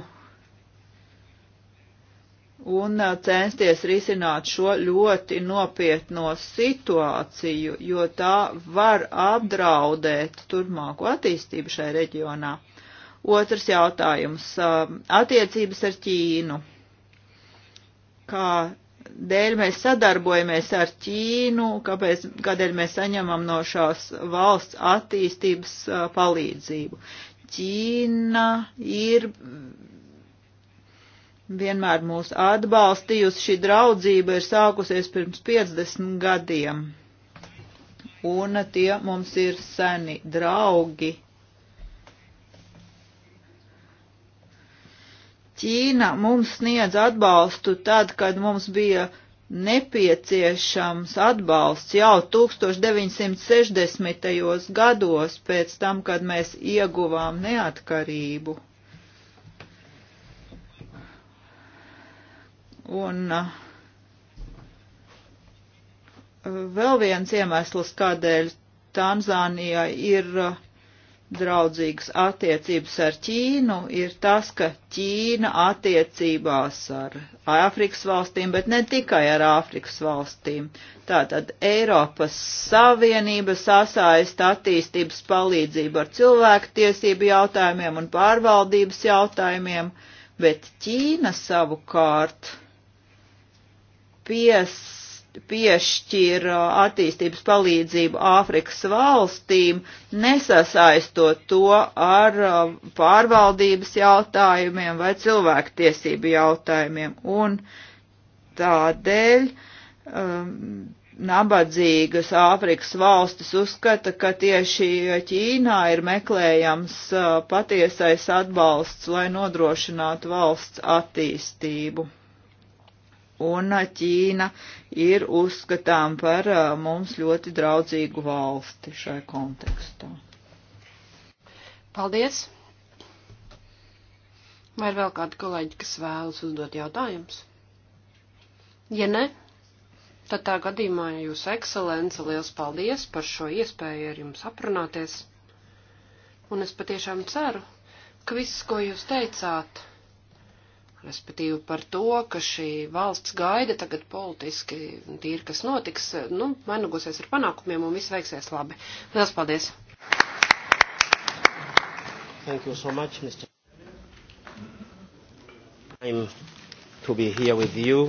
un uh, censties risināt šo ļoti nopietno situāciju, jo tā var apdraudēt turpmāko attīstību šai reģionā. Otrs jautājums uh, - attiecības ar Ķīnu. Kā dēļ mēs sadarbojamies ar Ķīnu, kāpēc, kādēļ mēs saņemam no šās valsts attīstības palīdzību. Ķīna ir vienmēr mūs atbalstījusi, šī draudzība ir sākusies pirms 50 gadiem, un tie mums ir seni draugi. Ķīna mums sniedz atbalstu tad, kad mums bija nepieciešams atbalsts jau 1960. gados pēc tam, kad mēs ieguvām neatkarību. Un uh, vēl viens iemesls, kādēļ Tanzānija ir uh, draudzīgas attiecības ar Ķīnu ir tas, ka Ķīna attiecībās ar Āfrikas valstīm, bet ne tikai ar Āfrikas valstīm. Tātad Eiropas Savienība sasaista attīstības palīdzību ar cilvēku tiesību jautājumiem un pārvaldības jautājumiem, bet Ķīna savukārt pies piešķir uh, attīstības palīdzību Āfrikas valstīm, nesasaistot to ar uh, pārvaldības jautājumiem vai cilvēktiesību jautājumiem. Un tādēļ um, nabadzīgas Āfrikas valstis uzskata, ka tieši Ķīnā ir meklējams uh, patiesais atbalsts, lai nodrošinātu valsts attīstību un Ķīna ir uzskatām par uh, mums ļoti draudzīgu valsti šai kontekstā. Paldies! Vai ir vēl kādi kolēģi, kas vēlas uzdot jautājumus? Ja ne, tad tā gadījumā jūs, ekscelence, liels paldies par šo iespēju ar jums aprunāties. Un es patiešām ceru, ka viss, ko jūs teicāt, respektīvi par to, ka šī valsts gaida tagad politiski tīri, kas notiks, nu, vainagosies ar panākumiem un viss veiksies labi. Lielas paldies! Thank you so much, Mr. I'm to be here with you.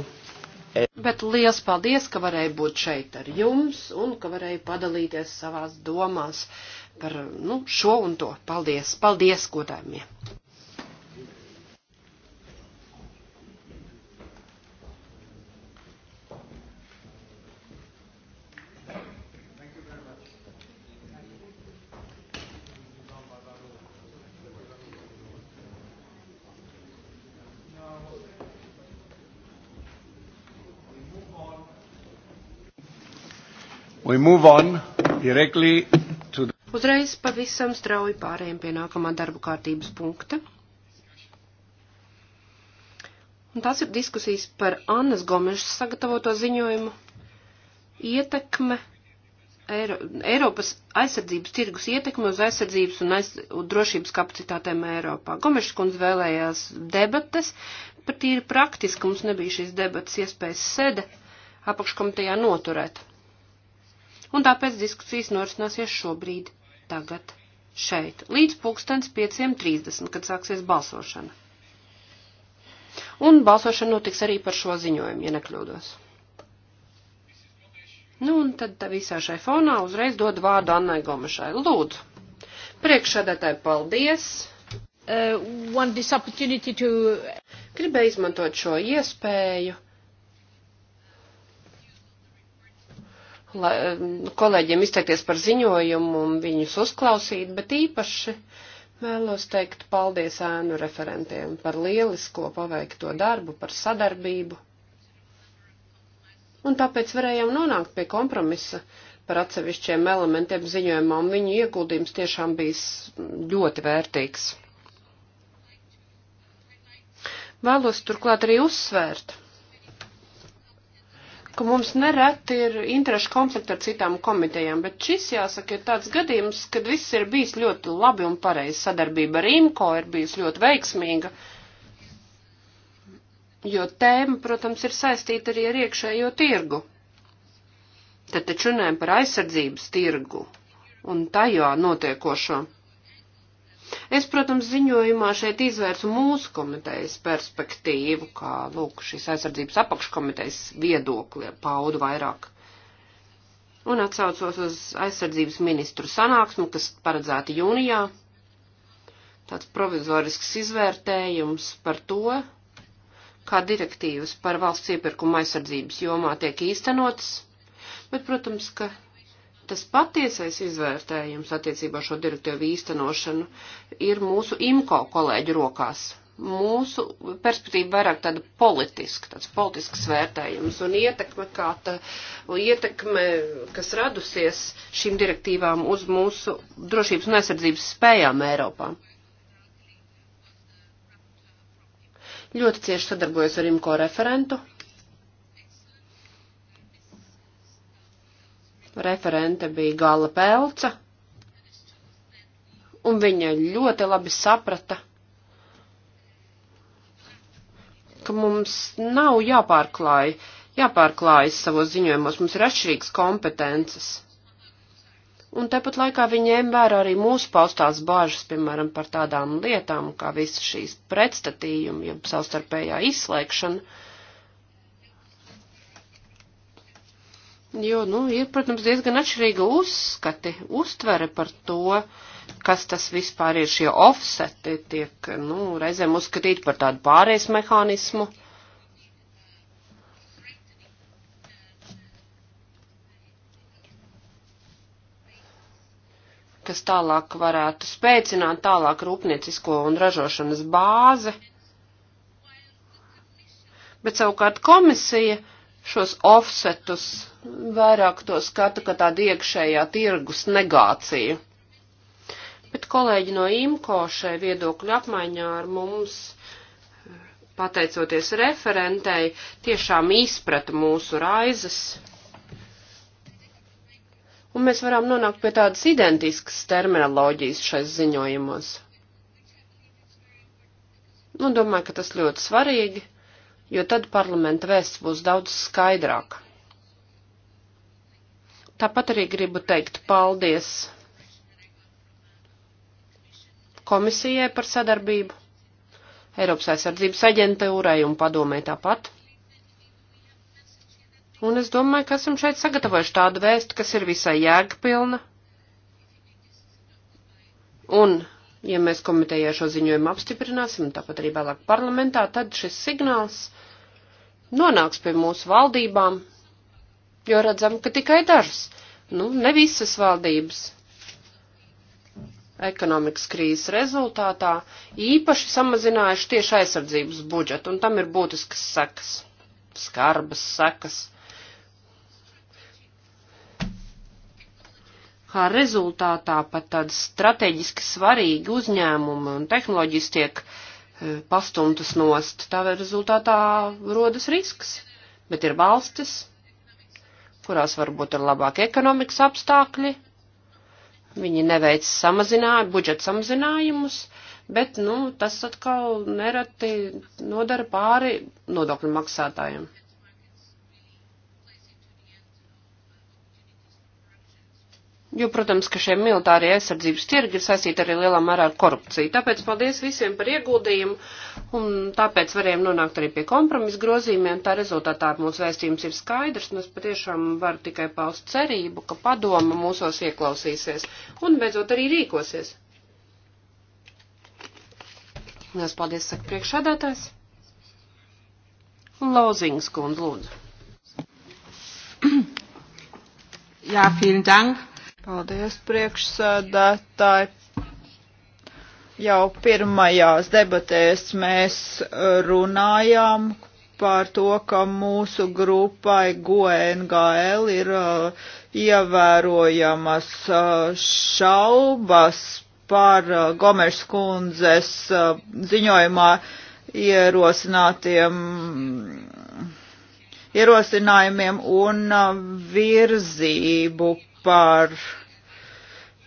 Bet liels paldies, ka varēju būt šeit ar jums un ka varēju padalīties savās domās par nu, šo un to. Paldies, paldies, godājumie! We move on directly to the... Uzreiz pavisam strauji pārējiem pie nākamā darba kārtības punkta. Un tās ir diskusijas par Annas Gomešas sagatavoto ziņojumu ietekme Eiro, Eiropas aizsardzības tirgus ietekme uz aizsardzības un, aiz, un drošības kapacitātēm Eiropā. Gomešs kundze vēlējās debates, pat tīri praktiski mums nebija šīs debates iespējas sede apakškomitejā noturēt un tāpēc diskusijas norisināsies šobrīd, tagad, šeit, līdz pulkstens 5.30, kad sāksies balsošana. Un balsošana notiks arī par šo ziņojumu, ja nekļūdos. Nu, un tad visā šai fonā uzreiz dod vārdu Annai Gomešai. Lūdzu, priekšsēdētāji, paldies! Uh, to... Gribēju izmantot šo iespēju lai, um, kolēģiem izteikties par ziņojumu un viņus uzklausīt, bet īpaši vēlos teikt paldies ēnu referentiem par lielisko paveikto darbu, par sadarbību. Un tāpēc varējām nonākt pie kompromisa par atsevišķiem elementiem ziņojumā, un viņu ieguldījums tiešām bijis ļoti vērtīgs. Vēlos turklāt arī uzsvērt, ka mums nereti ir interešu konflikti ar citām komitejām, bet šis, jāsaka, ir tāds gadījums, kad viss ir bijis ļoti labi un pareizi. Sadarbība ar IMCO ir bijusi ļoti veiksmīga, jo tēma, protams, ir saistīta arī ar iekšējo tirgu. Tad taču runājam par aizsardzības tirgu un tajā notiekošo. Es, protams, ziņojumā šeit izvērsu mūsu komitejas perspektīvu, kā, lūk, šīs aizsardzības apakškomitejas viedokli paudu vairāk. Un atsaucos uz aizsardzības ministru sanāksmu, kas paredzēta jūnijā. Tāds provizorisks izvērtējums par to, kā direktīvas par valsts iepirkuma aizsardzības jomā tiek īstenotas, bet, protams, ka tas patiesais izvērtējums attiecībā šo direktīvu īstenošanu ir mūsu IMCO kolēģu rokās. Mūsu perspektīva vairāk tāda politiska, tāds politisks vērtējums un ietekme, kā tā ietekme, kas radusies šīm direktīvām uz mūsu drošības un aizsardzības spējām Eiropā. Ļoti cieši sadarbojos ar IMCO referentu Referente bija Gala Pelca, un viņa ļoti labi saprata, ka mums nav jāpārklāj, jāpārklājas savos ziņojumos, mums ir atšķirīgas kompetences. Un tepat laikā viņi ņēma vērā arī mūsu paustās bāžas, piemēram, par tādām lietām, kā visa šīs pretstatījuma, jeb savstarpējā izslēgšana Jo, nu, ir, protams, diezgan atšķirīga uzskati, uztvere par to, kas tas vispār ir šie offseti, tiek, nu, reizēm uzskatīti par tādu pārējais mehānismu. kas tālāk varētu spēcināt tālāk rūpniecisko un ražošanas bāzi. Bet savukārt komisija šos offsetus vairāk to skatu, ka tāda iekšējā tirgus negācija. Bet kolēģi no IMCO šai viedokļu apmaiņā ar mums, pateicoties referentei, tiešām izprata mūsu raizes. Un mēs varam nonākt pie tādas identiskas terminoloģijas šais ziņojumos. Nu, domāju, ka tas ļoti svarīgi jo tad parlamenta vēsts būs daudz skaidrāka. Tāpat arī gribu teikt paldies komisijai par sadarbību, Eiropas aizsardzības aģentūrai un padomē tāpat. Un es domāju, ka esam šeit sagatavojuši tādu vēstu, kas ir visai jēgpilna. Un, ja mēs komitejā šo ziņojumu apstiprināsim, tāpat arī vēlāk parlamentā, tad šis signāls nonāks pie mūsu valdībām, jo redzam, ka tikai dažas, nu, ne visas valdības ekonomikas krīzes rezultātā īpaši samazinājuši tieši aizsardzības budžetu, un tam ir būtiskas sekas, skarbas sekas. Kā rezultātā pat tādas strateģiski svarīgi uzņēmumi un tehnoloģijas tiek uh, pastumtas nost. Tā rezultātā rodas risks, bet ir valstis, kurās varbūt ir labāki ekonomikas apstākļi, viņi neveic samazinājumu, budžeta samazinājumus, bet, nu, tas atkal nereti nodara pāri nodokļu maksātājiem. Jo, protams, ka šie militārie aizsardzības tirgi ir saistīti arī lielā mērā ar korupciju. Tāpēc paldies visiem par ieguldījumu, un tāpēc varējām nonākt arī pie kompromisa grozījumiem. Tā rezultātā mūsu vēstījums ir skaidrs, un es patiešām varu tikai paust cerību, ka padoma mūsos ieklausīsies un beidzot arī rīkosies. Lielas paldies, saka priekšādātājs. Lozings kundz, lūdzu. Jā, vielen dank. Paldies, priekšsēdētāji. Jau pirmajās debatēs mēs runājām par to, ka mūsu grupai GONGL ir uh, ievērojamas uh, šaubas par uh, Gomers kundzes uh, ziņojumā ierosinātiem ierosinājumiem un uh, virzību par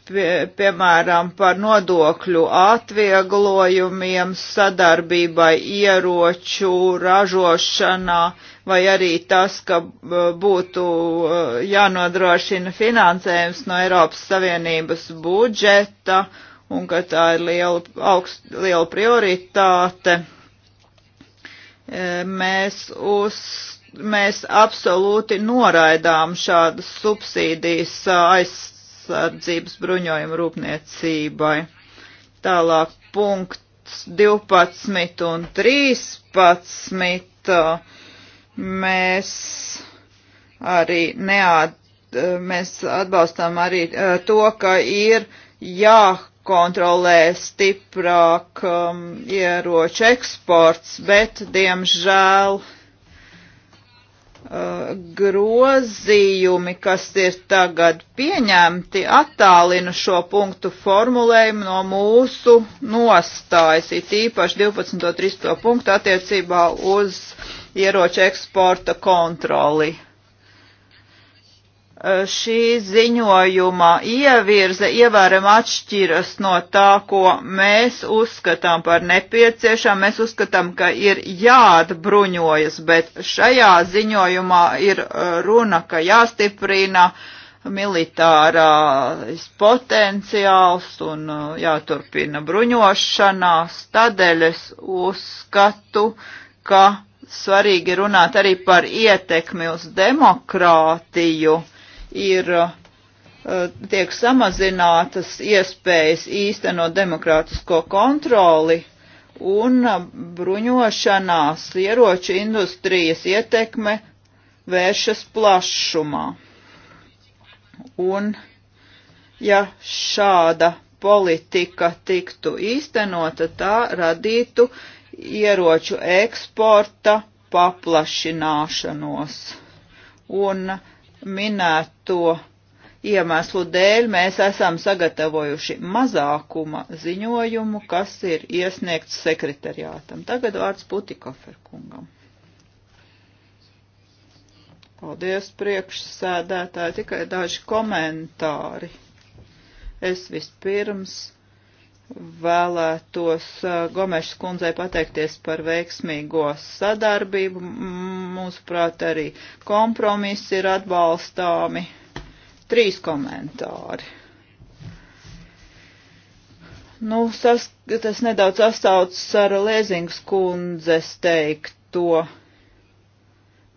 pie, piemēram, par nodokļu atvieglojumiem, sadarbībai ieroču ražošanā, vai arī tas, ka e, būtu e, jānodrošina finansējums no Eiropas Savienības budžeta, un ka tā ir liela, augst, liela prioritāte. E, mēs uz mēs absolūti noraidām šādas subsīdijas aizsardzības bruņojuma rūpniecībai. Tālāk punkts 12 un 13 mēs arī neat, mēs atbalstām arī to, ka ir jākontrolē stiprāk um, ieroču eksports, bet diemžēl uh, grozījumi, kas ir tagad pieņemti, attālina šo punktu formulējumu no mūsu nostājas, it īpaši 12.13. punktu attiecībā uz ieroču eksporta kontroli. Eh, šī ziņojuma ievirze ievērama atšķiras no tā, ko mēs uzskatām par nepieciešām. Mēs uzskatām, ka ir jāatbruņojas, bet šajā ziņojumā ir eh, runa, ka jāstiprina militārais potenciāls un eh, jāturpina bruņošanās. Tādēļ es uzskatu, ka svarīgi runāt arī par ietekmi uz demokrātiju. Uh, ir uh, tiek samazinātas iespējas īstenot demokrātisko kontroli un bruņošanās ieroču industrijas ietekme vēršas plašumā. Un ja šāda politika tiktu īstenota, tā radītu ieroču eksporta paplašināšanos. Un uh, minēto iemeslu dēļ mēs esam sagatavojuši mazākuma ziņojumu, kas ir iesniegts sekretariātam. Tagad vārds Putikofer kungam. Paldies, priekšsēdētāji, tikai daži komentāri. Es vispirms vēlētos uh, Gomešas kundzei pateikties par veiksmīgo sadarbību. Mūsuprāt, arī kompromisi ir atbalstāmi. Trīs komentāri. Nu, sas, tas nedaudz sasaucas ar Lēzings kundzes teikto.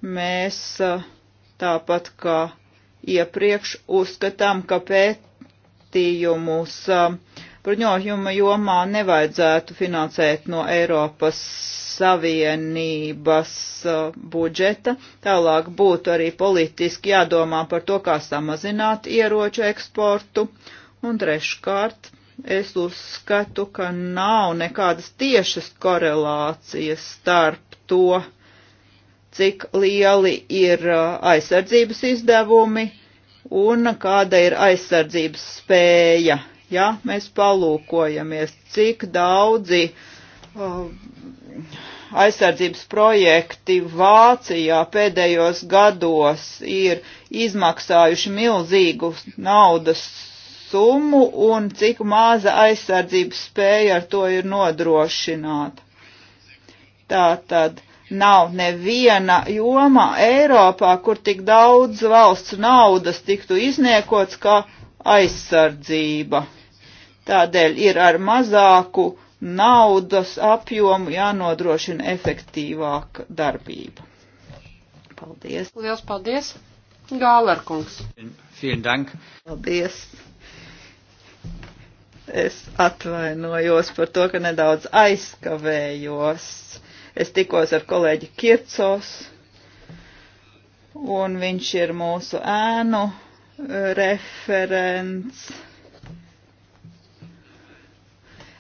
Mēs uh, tāpat kā iepriekš uzskatām, ka pētījumus uh, bruņojuma jomā nevajadzētu finansēt no Eiropas Savienības uh, budžeta. Tālāk būtu arī politiski jādomā par to, kā samazināt ieroču eksportu. Un treškārt, es uzskatu, ka nav nekādas tiešas korelācijas starp to, cik lieli ir uh, aizsardzības izdevumi un kāda ir aizsardzības spēja ja mēs palūkojamies, cik daudzi uh, aizsardzības projekti Vācijā pēdējos gados ir izmaksājuši milzīgu naudas summu un cik maza aizsardzības spēja ar to ir nodrošināta. Tātad nav neviena joma Eiropā, kur tik daudz valsts naudas tiktu izniekots kā aizsardzība. Tādēļ ir ar mazāku naudas apjomu jānodrošina efektīvāka darbība. Paldies! Lielas paldies! Gālerkungs! Vielen dank! Paldies! Es atvainojos par to, ka nedaudz aizkavējos. Es tikos ar kolēģi Kircos, un viņš ir mūsu ēnu referents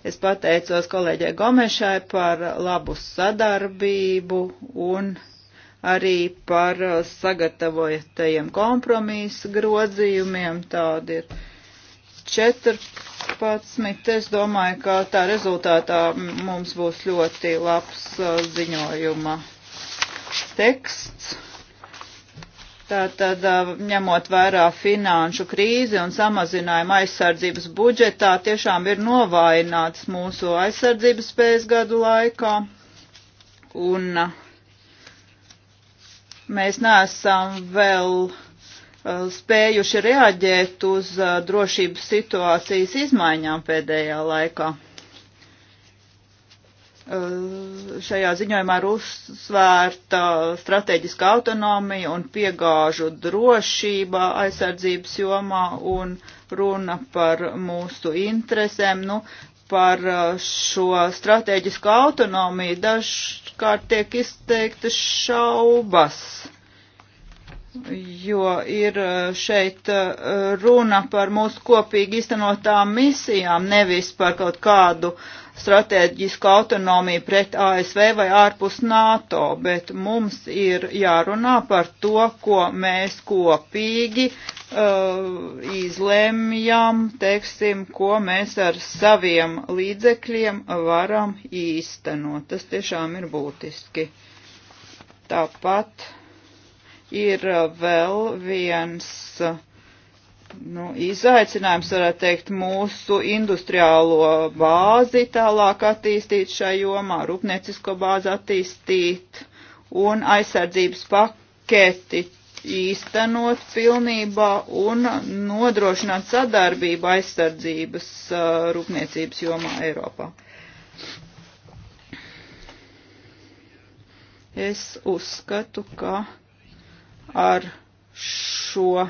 Es pateicos kolēģei Gomešai par labu sadarbību un arī par uh, sagatavotajiem kompromisu grozījumiem. Tādi ir 14. Es domāju, ka tā rezultātā mums būs ļoti labs uh, ziņojuma teksts. Tātad, ņemot vērā finanšu krīzi un samazinājumu aizsardzības budžetā, tiešām ir novaināts mūsu aizsardzības spējas gadu laikā. Un mēs neesam vēl spējuši reaģēt uz drošības situācijas izmaiņām pēdējā laikā šajā ziņojumā ir uzsvērta strateģiska autonomija un piegāžu drošība aizsardzības jomā un runa par mūsu interesēm. Nu, par uh, šo strateģisko autonomiju dažkārt tiek izteiktas šaubas, jo ir uh, šeit uh, runa par mūsu kopīgi iztenotām misijām, nevis par kaut kādu uh, stratēģisku autonomiju pret ASV vai ārpus NATO, bet mums ir jārunā par to, ko mēs kopīgi uh, izlēmjam, teiksim, ko mēs ar saviem līdzekļiem varam īstenot. Tas tiešām ir būtiski. Tāpat ir uh, vēl viens. Uh, nu, izaicinājums, varētu teikt, mūsu industriālo bāzi tālāk attīstīt šajā jomā, rūpniecisko bāzi attīstīt un aizsardzības paketi īstenot pilnībā un nodrošināt sadarbību aizsardzības uh, rūpniecības jomā Eiropā. Es uzskatu, ka ar šo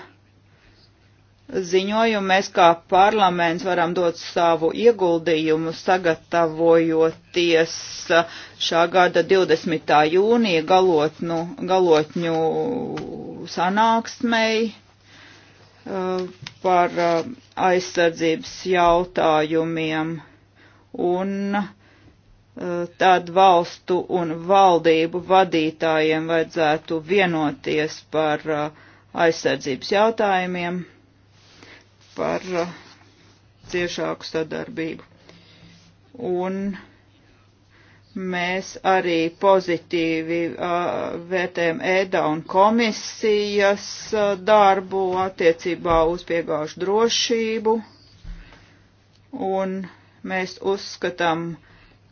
ziņojumu mēs kā parlaments varam dot savu ieguldījumu, sagatavojoties šā gada 20. jūnija galotnu, galotņu sanāksmei uh, par uh, aizsardzības jautājumiem un uh, tad valstu un valdību vadītājiem vajadzētu vienoties par aizsardzības jautājumiem par uh, ciešāku sadarbību. Un mēs arī pozitīvi uh, vērtējam ēda un komisijas uh, darbu attiecībā uz piegāžu drošību. Un mēs uzskatām,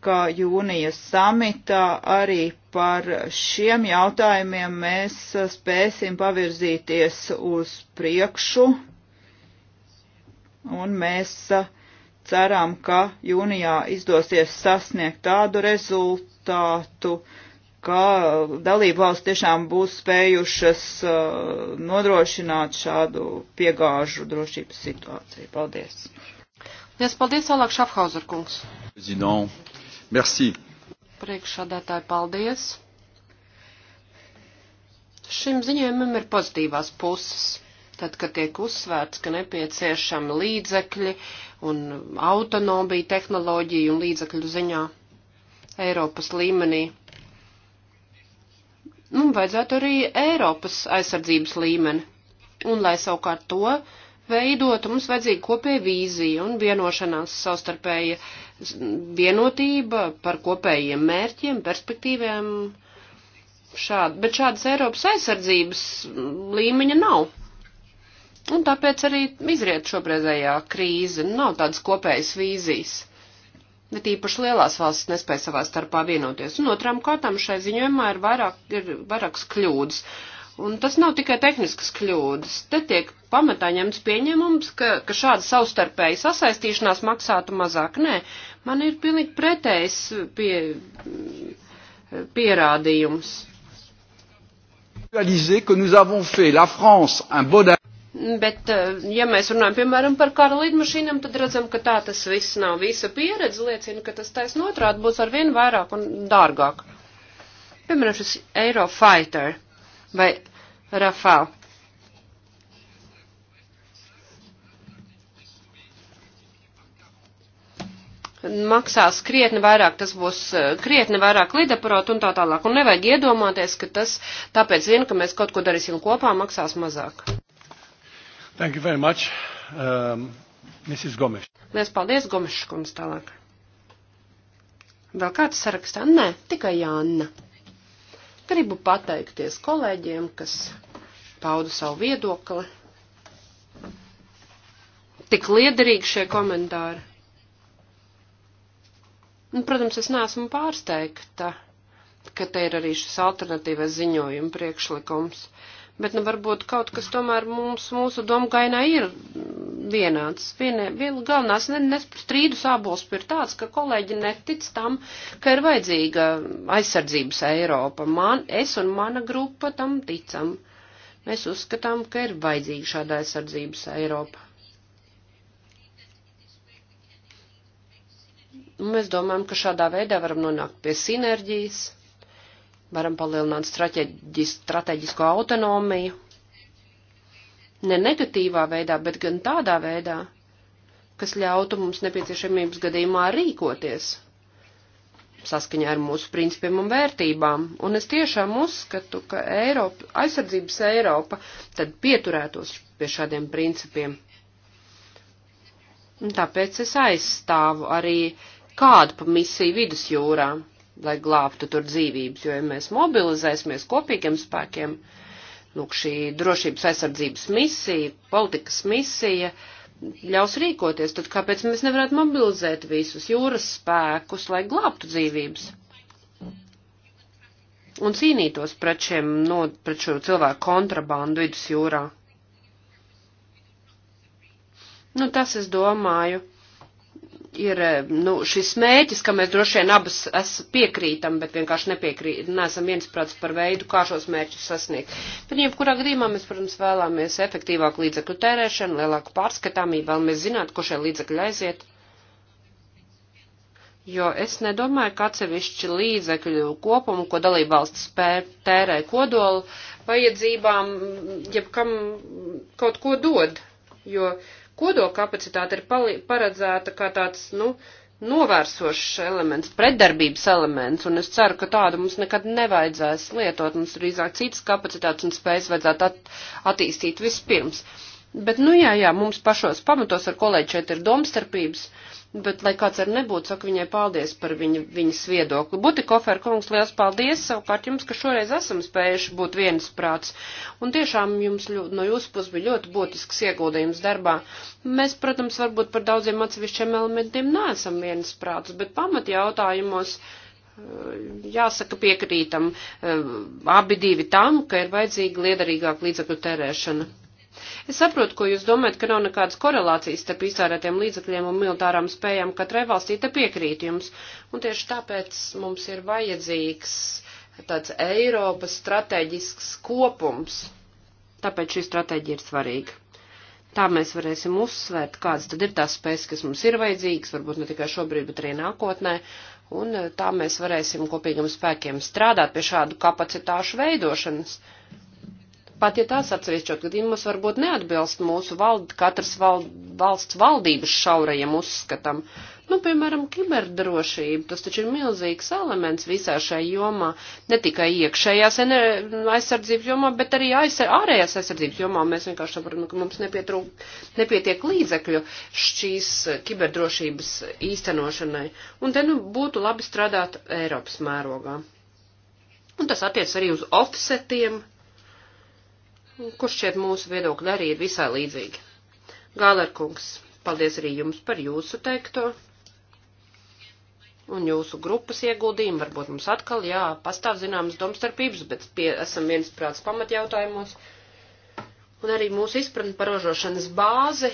ka jūnijas samitā arī par šiem jautājumiem mēs spēsim pavirzīties uz priekšu un mēs uh, ceram, ka jūnijā izdosies sasniegt tādu rezultātu, ka dalību valsts tiešām būs spējušas uh, nodrošināt šādu piegāžu drošības situāciju. Paldies! Liels paldies, Alāk Šafhauser kungs! Zinām, merci! Priekšādātāji, paldies! Šim ziņojumam ir pozitīvās puses tad, kad tiek uzsvērts, ka nepieciešami līdzekļi un autonomija tehnoloģija un līdzekļu ziņā Eiropas līmenī. Nu, vajadzētu arī Eiropas aizsardzības līmeni. Un, lai savukārt to veidotu, mums vajadzīga kopēja vīzija un vienošanās savstarpēja vienotība par kopējiem mērķiem, perspektīviem. Šād, bet šādas Eiropas aizsardzības līmeņa nav. Un tāpēc arī izriet šobrīdējā krīze, nav tādas kopējas vīzijas. Bet īpaši lielās valstis nespēja savā starpā vienoties. Un otrām kārtām šai ziņojumā ir, vairāk, ir vairākas kļūdas. Un tas nav tikai tehniskas kļūdas. Te tiek pamatā ņemts pieņēmums, ka, ka šāda savstarpēja sasaistīšanās maksātu mazāk. Nē, man ir pilnīgi pretējs pie, pierādījums. Réaliser que nous avons fait la France un bon Bet, eh, ja mēs runājam, piemēram, par kara lidmašīnām, tad redzam, ka tā tas viss nav. Visa pieredze liecina, ka tas taisn otrādi būs arvien vairāk un dārgāk. Piemēram, šis Eurofighter vai Rafale. maksās krietni vairāk, tas būs eh, krietni vairāk lidaparātu un tā tālāk. Un nevajag iedomāties, ka tas tāpēc vien, ka mēs kaut ko darīsim kopā, maksās mazāk. Thank you very much, um, Mrs. Gomes. Lies paldies, Gomes kundze tālāk. Vēl kāds sarakstā? Nē, tikai Jāna. Gribu pateikties kolēģiem, kas pauda savu viedokli. Tik liederīgi šie komentāri. Un, nu, protams, es neesmu pārsteigta, ka te ir arī šis alternatīvais ziņojuma priekšlikums. Uh, Bet, nu, varbūt kaut kas tomēr mums, mūsu domgainā ir vienāds. Viena, viena galvenās ne, ne, strīdu sābols ir tāds, ka kolēģi netic tam, ka ir vajadzīga aizsardzības Eiropa. Man, es un mana grupa tam ticam. Mēs uzskatām, ka ir vajadzīga šāda aizsardzības Eiropa. Un mēs domājam, ka šādā veidā varam nonākt pie sinerģijas varam palielināt strateģis, strateģisko autonomiju. Ne negatīvā veidā, bet gan tādā veidā, kas ļautu mums nepieciešamības gadījumā rīkoties saskaņā ar mūsu principiem un vērtībām. Un es tiešām uzskatu, ka Eiropa, aizsardzības Eiropa tad pieturētos pie šādiem principiem. Un tāpēc es aizstāvu arī kādu pa misiju vidusjūrā lai glābtu tur dzīvības, jo ja mēs mobilizēsimies kopīgiem spēkiem, lūk, šī drošības aizsardzības misija, politikas misija, ļaus rīkoties, tad kāpēc mēs nevarētu mobilizēt visus jūras spēkus, lai glābtu dzīvības? Un cīnītos pret, šiem, no, pret šo cilvēku kontrabandu vidusjūrā. Nu, tas es domāju ir nu, šis mēķis, ka mēs droši vien abas piekrītam, bet vienkārši nepiekrīt, nesam viensprāts par veidu, kā šos mērķus sasniegt. Bet jebkurā gadījumā mēs, protams, vēlamies efektīvāku līdzekļu tērēšanu, lielāku pārskatāmību, vēlamies zināt, ko šie līdzekļi aiziet. Jo es nedomāju, ka atsevišķi līdzekļu kopumu, ko dalībvalsts tērē kodolu vajadzībām, jebkam kaut ko dod. Jo kodokapacitāte ir paredzēta kā tāds, nu, novērsošs elements, pretdarbības elements, un es ceru, ka tādu mums nekad nevajadzēs lietot, mums drīzāk citas kapacitātes un spējas vajadzētu at attīstīt vispirms. Bet, nu jā, jā, mums pašos pamatos ar kolēģi šeit ir domstarpības. Uh, bet lai kāds ar nebūtu, saka viņai paldies par viņa, viņas viedokli. Butikofer kungs, liels paldies savukārt jums, ka šoreiz esam spējuši būt viensprāts. Un tiešām jums ļu, no jūsu puses bija ļoti būtisks ieguldījums darbā. Mēs, protams, varbūt par daudziem atsevišķiem elementiem neesam viensprāts, bet pamatjautājumos. Eh, jāsaka, piekrītam eh, abi divi tam, ka ir vajadzīga liederīgāka līdzekļu tērēšana. Es saprotu, ko jūs domājat, ka nav nekādas korelācijas starp iztērētiem līdzekļiem un militārām spējām katrai valstī, te piekrīt jums. Un tieši tāpēc mums ir vajadzīgs tāds Eiropas strateģisks kopums. Tāpēc šī stratēģija ir svarīga. Tā mēs varēsim uzsvērt, kādas tad ir tās spējas, kas mums ir vajadzīgas, varbūt ne tikai šobrīd, bet arī nākotnē, un eh, tā mēs varēsim kopīgiem spēkiem strādāt pie šādu kapacitāšu veidošanas pat ja tās atsevišķot gadījumos varbūt neatbilst mūsu vald, katras val, valsts valdības šaurajam uzskatam. Nu, piemēram, kiberdrošība, tas taču ir milzīgs elements visā šai jomā, ne tikai iekšējās aizsardzības jomā, bet arī aizsar, ārējās aizsardzības jomā. Mēs vienkārši saprotam, ka mums nepietrūk, nepietiek līdzekļu šīs kiberdrošības īstenošanai. Un te nu būtu labi strādāt Eiropas mērogā. Un tas attiec arī uz offsetiem, kurš šķiet mūsu viedokļi arī ir visai līdzīgi. Gālerkungs, paldies arī jums par jūsu teikto un jūsu grupas ieguldījumu. Varbūt mums atkal, jā, pastāv zināmas domstarpības, bet pie, esam viensprāts pamatjautājumos. Un arī mūsu izpratni par ražošanas bāzi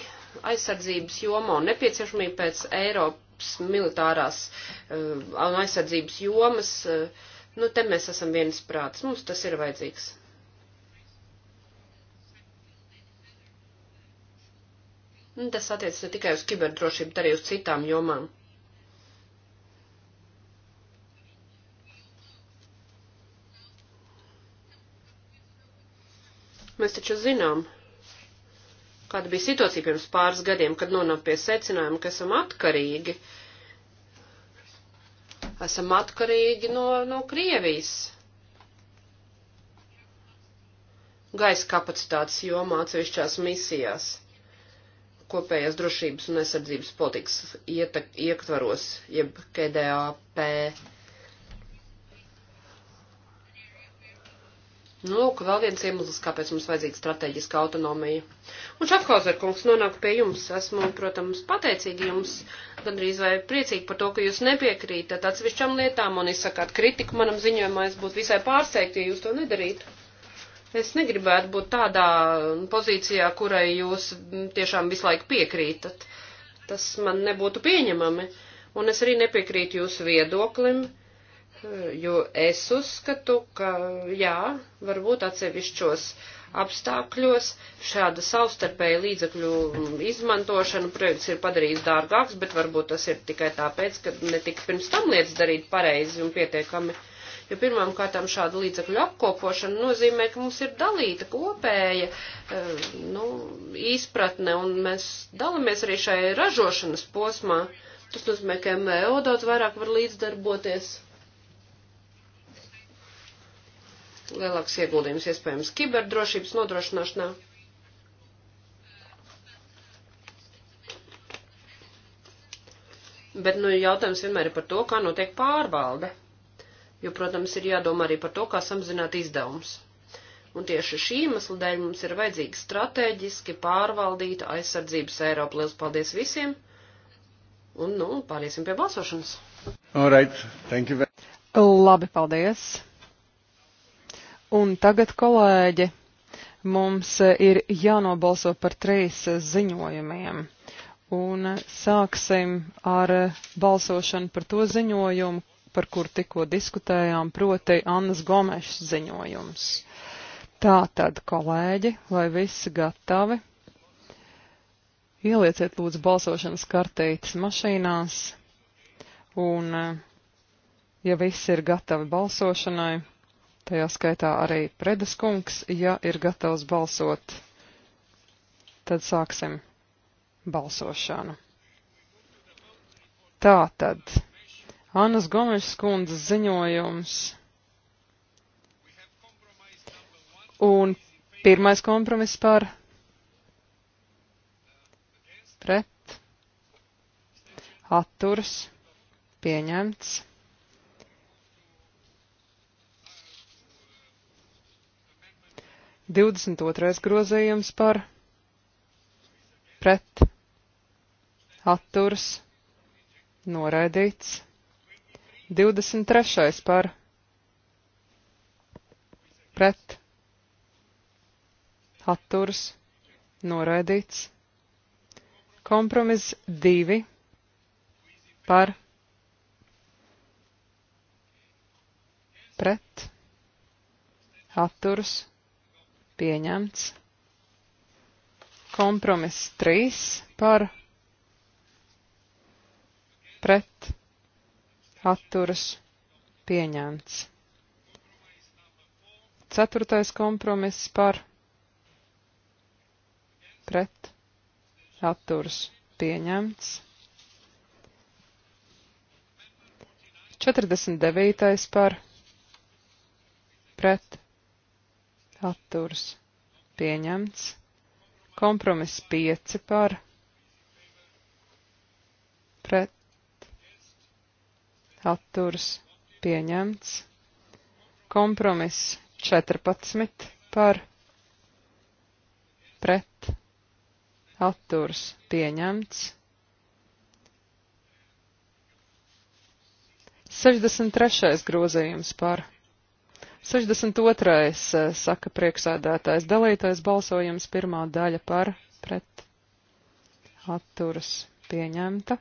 aizsardzības jomā un nepieciešamību pēc Eiropas militārās uh, un aizsardzības jomas, uh, nu, te mēs esam viensprāts. Mums tas ir vajadzīgs. Un nu, tas attiec ne tikai uz kiberdrošību, bet arī uz citām jomām. Mēs taču zinām, kāda bija situācija pirms pāris gadiem, kad nonāk pie secinājuma, ka esam atkarīgi. Esam atkarīgi no, no Krievijas. Gaisa kapacitātes jomā atsevišķās misijās kopējās drošības un aizsardzības politikas ietek, ietvaros, jeb KDAP. Nu, lūk, vēl viens iemesls, kāpēc mums vajadzīga strateģiska autonomija. Un Šafhauser kungs nonāk pie jums. Esmu, protams, pateicīgi jums, gandrīz vai priecīgi par to, ka jūs nepiekrītat atsevišķām lietām un izsakāt kritiku manam ziņojumā. Es būtu visai pārsteigti, ja jūs to nedarītu. Es negribētu būt tādā pozīcijā, kurai jūs tiešām visu laiku piekrītat. Tas man nebūtu pieņemami. Un es arī nepiekrītu jūsu viedoklim, jo es uzskatu, ka jā, varbūt atsevišķos apstākļos šāda savstarpēja līdzekļu izmantošana projekts ir padarījis dārgāks, bet varbūt tas ir tikai tāpēc, ka netika pirms tam lietas darīt pareizi un pietiekami. Uh, jo pirmām kārtām šāda līdzekļu apkopošana nozīmē, ka mums ir dalīta kopēja eh, nu, izpratne un mēs dalamies arī šai ražošanas posmā. Tas nozīmē, ka MEO daudz vairāk var līdzdarboties. Lielāks ieguldījums iespējams kiberdrošības nodrošināšanā. Bet, nu, jautājums vienmēr ir par to, kā notiek pārvalde jo, protams, ir jādomā arī par to, kā samazināt izdevumus. Un tieši šī iemesla dēļ mums ir vajadzīga strateģiski pārvaldīta aizsardzības Eiropa. Lielas paldies visiem! Un, nu, pāriesim pie balsošanas. All right. Thank you very much. Labi, paldies. Un tagad, kolēģi, mums ir jānobalso par trīs ziņojumiem. Un sāksim ar balsošanu par to ziņojumu, par kur tikko diskutējām, proti Annas Gomešas ziņojums. Tātad, kolēģi, vai visi gatavi? Ielieciet lūdzu balsošanas kartītes mašīnās, un, eh, ja visi ir gatavi balsošanai, tajā skaitā arī predeskungs, ja ir gatavs balsot, tad sāksim balsošanu. Tātad. Annas Gomešas kundzes ziņojums. Un pirmais kompromiss par pret atturs pieņemts. Divdesmit otrais grozījums par pret atturs noraidīts. 23. par pret atturs noraidīts. Kompromiss 2 par pret atturs pieņemts. Kompromiss 3 par pret atturs atturas pieņemts. Ceturtais kompromiss par pret atturas pieņemts. 49. par pret atturas pieņemts. Kompromiss 5 par pret atturs pieņemts. Kompromiss 14 par pret atturs pieņemts. 63. grozījums par 62. Eh, saka priekšsēdētājs dalītais balsojums pirmā daļa par pret atturas pieņemta,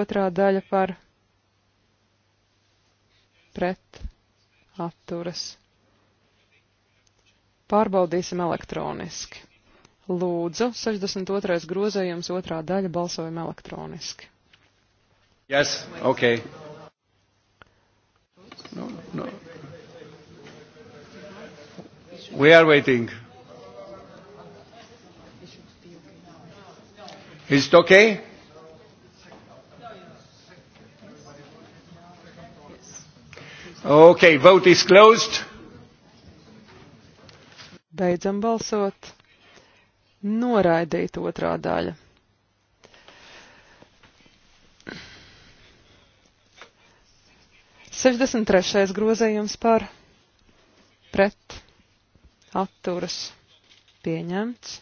otrā daļa par pret pret atturas. Pārbaudīsim elektroniski. Lūdzu, 62. grozējums otrā daļa balsojam elektroniski. Yes, okay. No, no. We are waiting. Is it okay? Okay, vote is closed. Beidzam balsot. Noraidīt otrā daļa. Sešdesmit trešais grozējums par pret atturas pieņemts.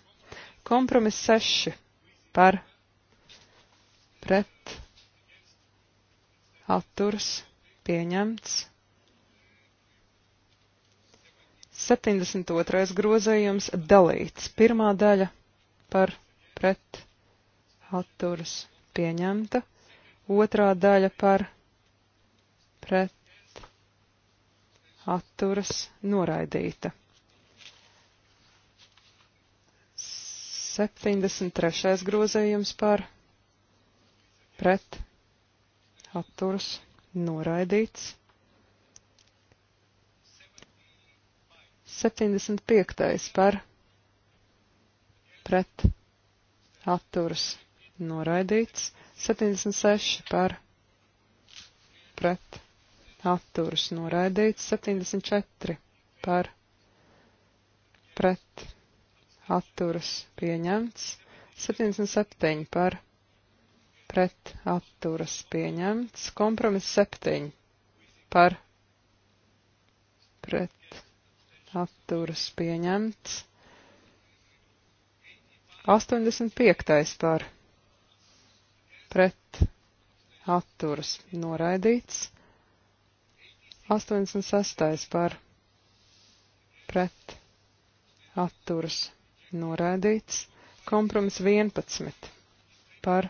Kompromiss seši par pret atturas pieņemts. 72. grozējums dalīts. Pirmā daļa par pret atturas pieņemta, otrā daļa par pret atturas noraidīta. 73. grozējums par pret atturas noraidīts. 75. par pret atturas noraidīts, 76 par pret atturas noraidīts, 74 par pret atturas pieņemts, 77 par pret atturas pieņemts, kompromiss 7 par pret atturas pieņemts. 85. par pret atturas noraidīts. 86. par pret atturas noraidīts. Kompromis 11. par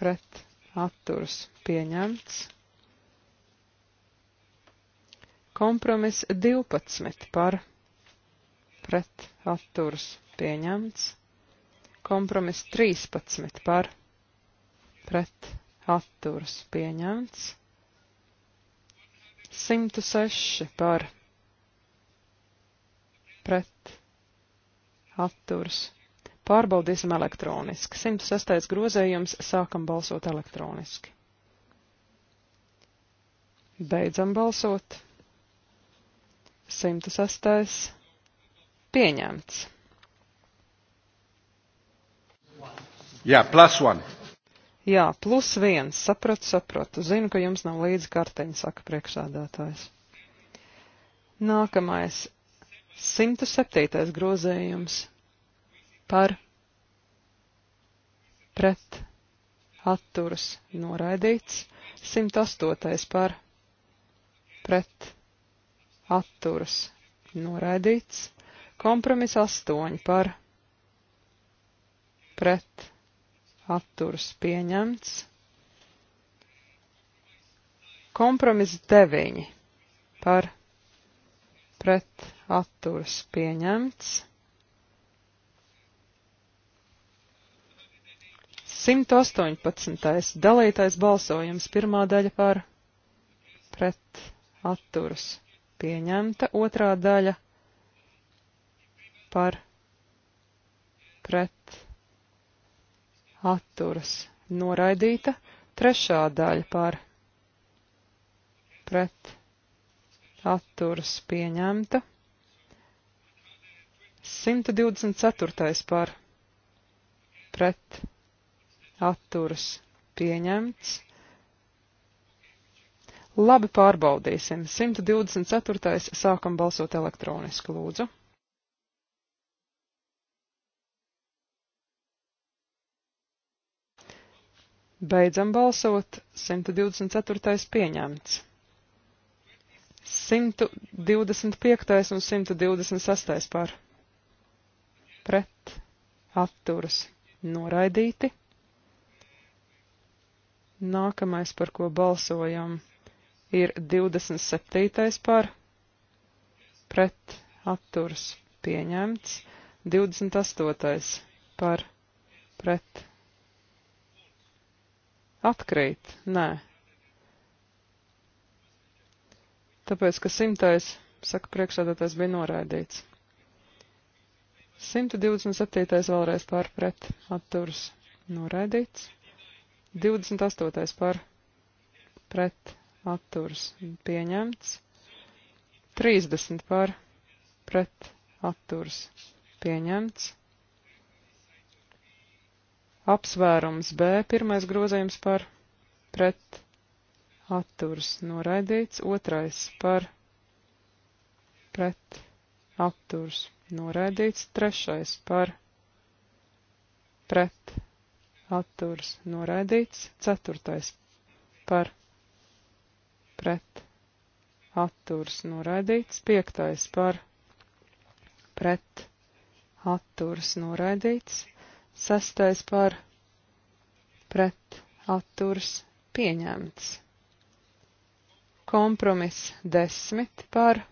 pret atturas pieņemts. Kompromiss 12 par pret atturs pieņemts. Kompromiss 13 par pret atturs pieņemts. 106 par pret atturs. Pārbaudīsim elektroniski. 106. grozējums sākam balsot elektroniski. Beidzam balsot. 106. pieņemts. Jā, plus one. Jā, plus viens. Sapratu, sapratu. Zinu, ka jums nav līdzi karteņa, saka priekšsādātājs. Nākamais. 107. grozējums par pret atturas noraidīts. 108. par pret atturas atturas noraidīts. Kompromis 8 par pret atturas pieņemts. Kompromis 9 par pret atturas pieņemts. 118. dalītais balsojums pirmā daļa par pret atturas pieņemta. Otrā daļa par pret atturas noraidīta. Trešā daļa par pret atturas pieņemta. 124. par pret atturas pieņemts. Labi, pārbaudīsim. 124. sākam balsot elektroniski, lūdzu. Beidzam balsot. 124. pieņemts. 125. un 126. par. Pret. Atturas. Noraidīti. Nākamais, par ko balsojam ir 27. par pret atturs pieņemts, 28. par pret atkrīt, nē. Tāpēc, ka simtais, saka priekšādātais, bija noraidīts. 127. vēlreiz par pret atturs noraidīts, 28. par pret atturs pieņemts. 30 par pret atturs pieņemts. Apsvērums B pirmais grozījums par pret atturs noraidīts, otrais par pret atturs noraidīts, trešais par pret atturs noraidīts, ceturtais par pret pret atturs noraidīts, piektais par pret atturs noraidīts, sestais par pret atturs pieņemts. Kompromiss desmit par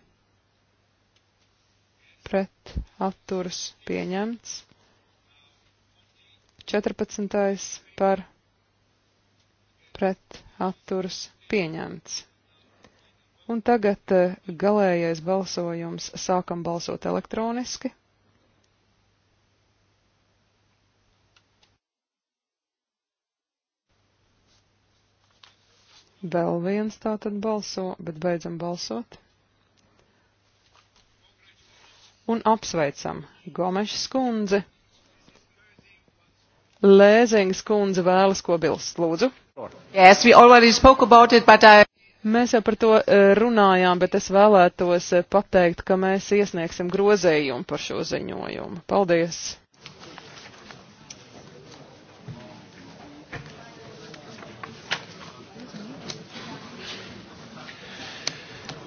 pret atturs pieņemts. 14. par pret atturs pieņemts. Un tagad eh, galējais balsojums. Sākam balsot elektroniski. Vēl viens tātad balso, bet beidzam balsot. Un apsveicam Gomešas kundzi. Lēzings kundze vēlas ko bilst, lūdzu. Yes, it, I... Mēs jau par to eh, runājām, bet es vēlētos eh, pateikt, ka mēs iesniegsim grozējumu par šo ziņojumu. Paldies!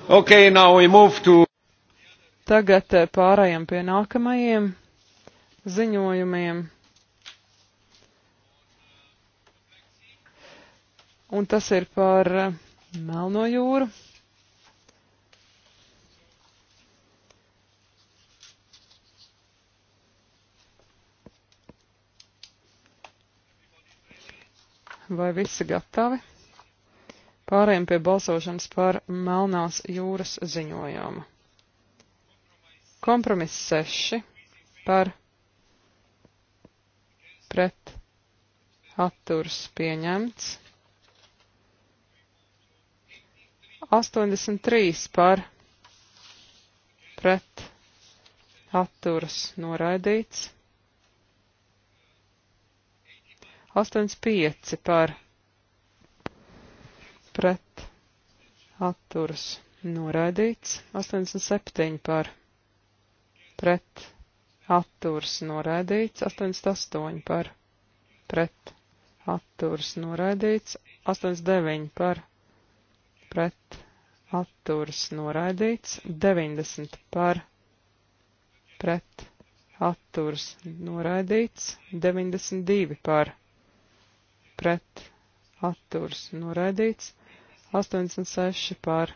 Okay, now we move to... Tagad eh, pārējām pie nākamajiem ziņojumiem. Un tas ir par Melno jūru. Vai visi gatavi? Pārējiem pie balsošanas par Melnās jūras ziņojumu. Kompromiss 6 par pret atturs pieņemts. 83 par pret atturas noraidīts. 85 par pret atturas noraidīts. 87 par pret atturas noraidīts. 88 par pret atturas noraidīts. 89 par pret atturas noraidīts, 90 par pret atturas noraidīts, 92 par pret atturas noraidīts, 86 par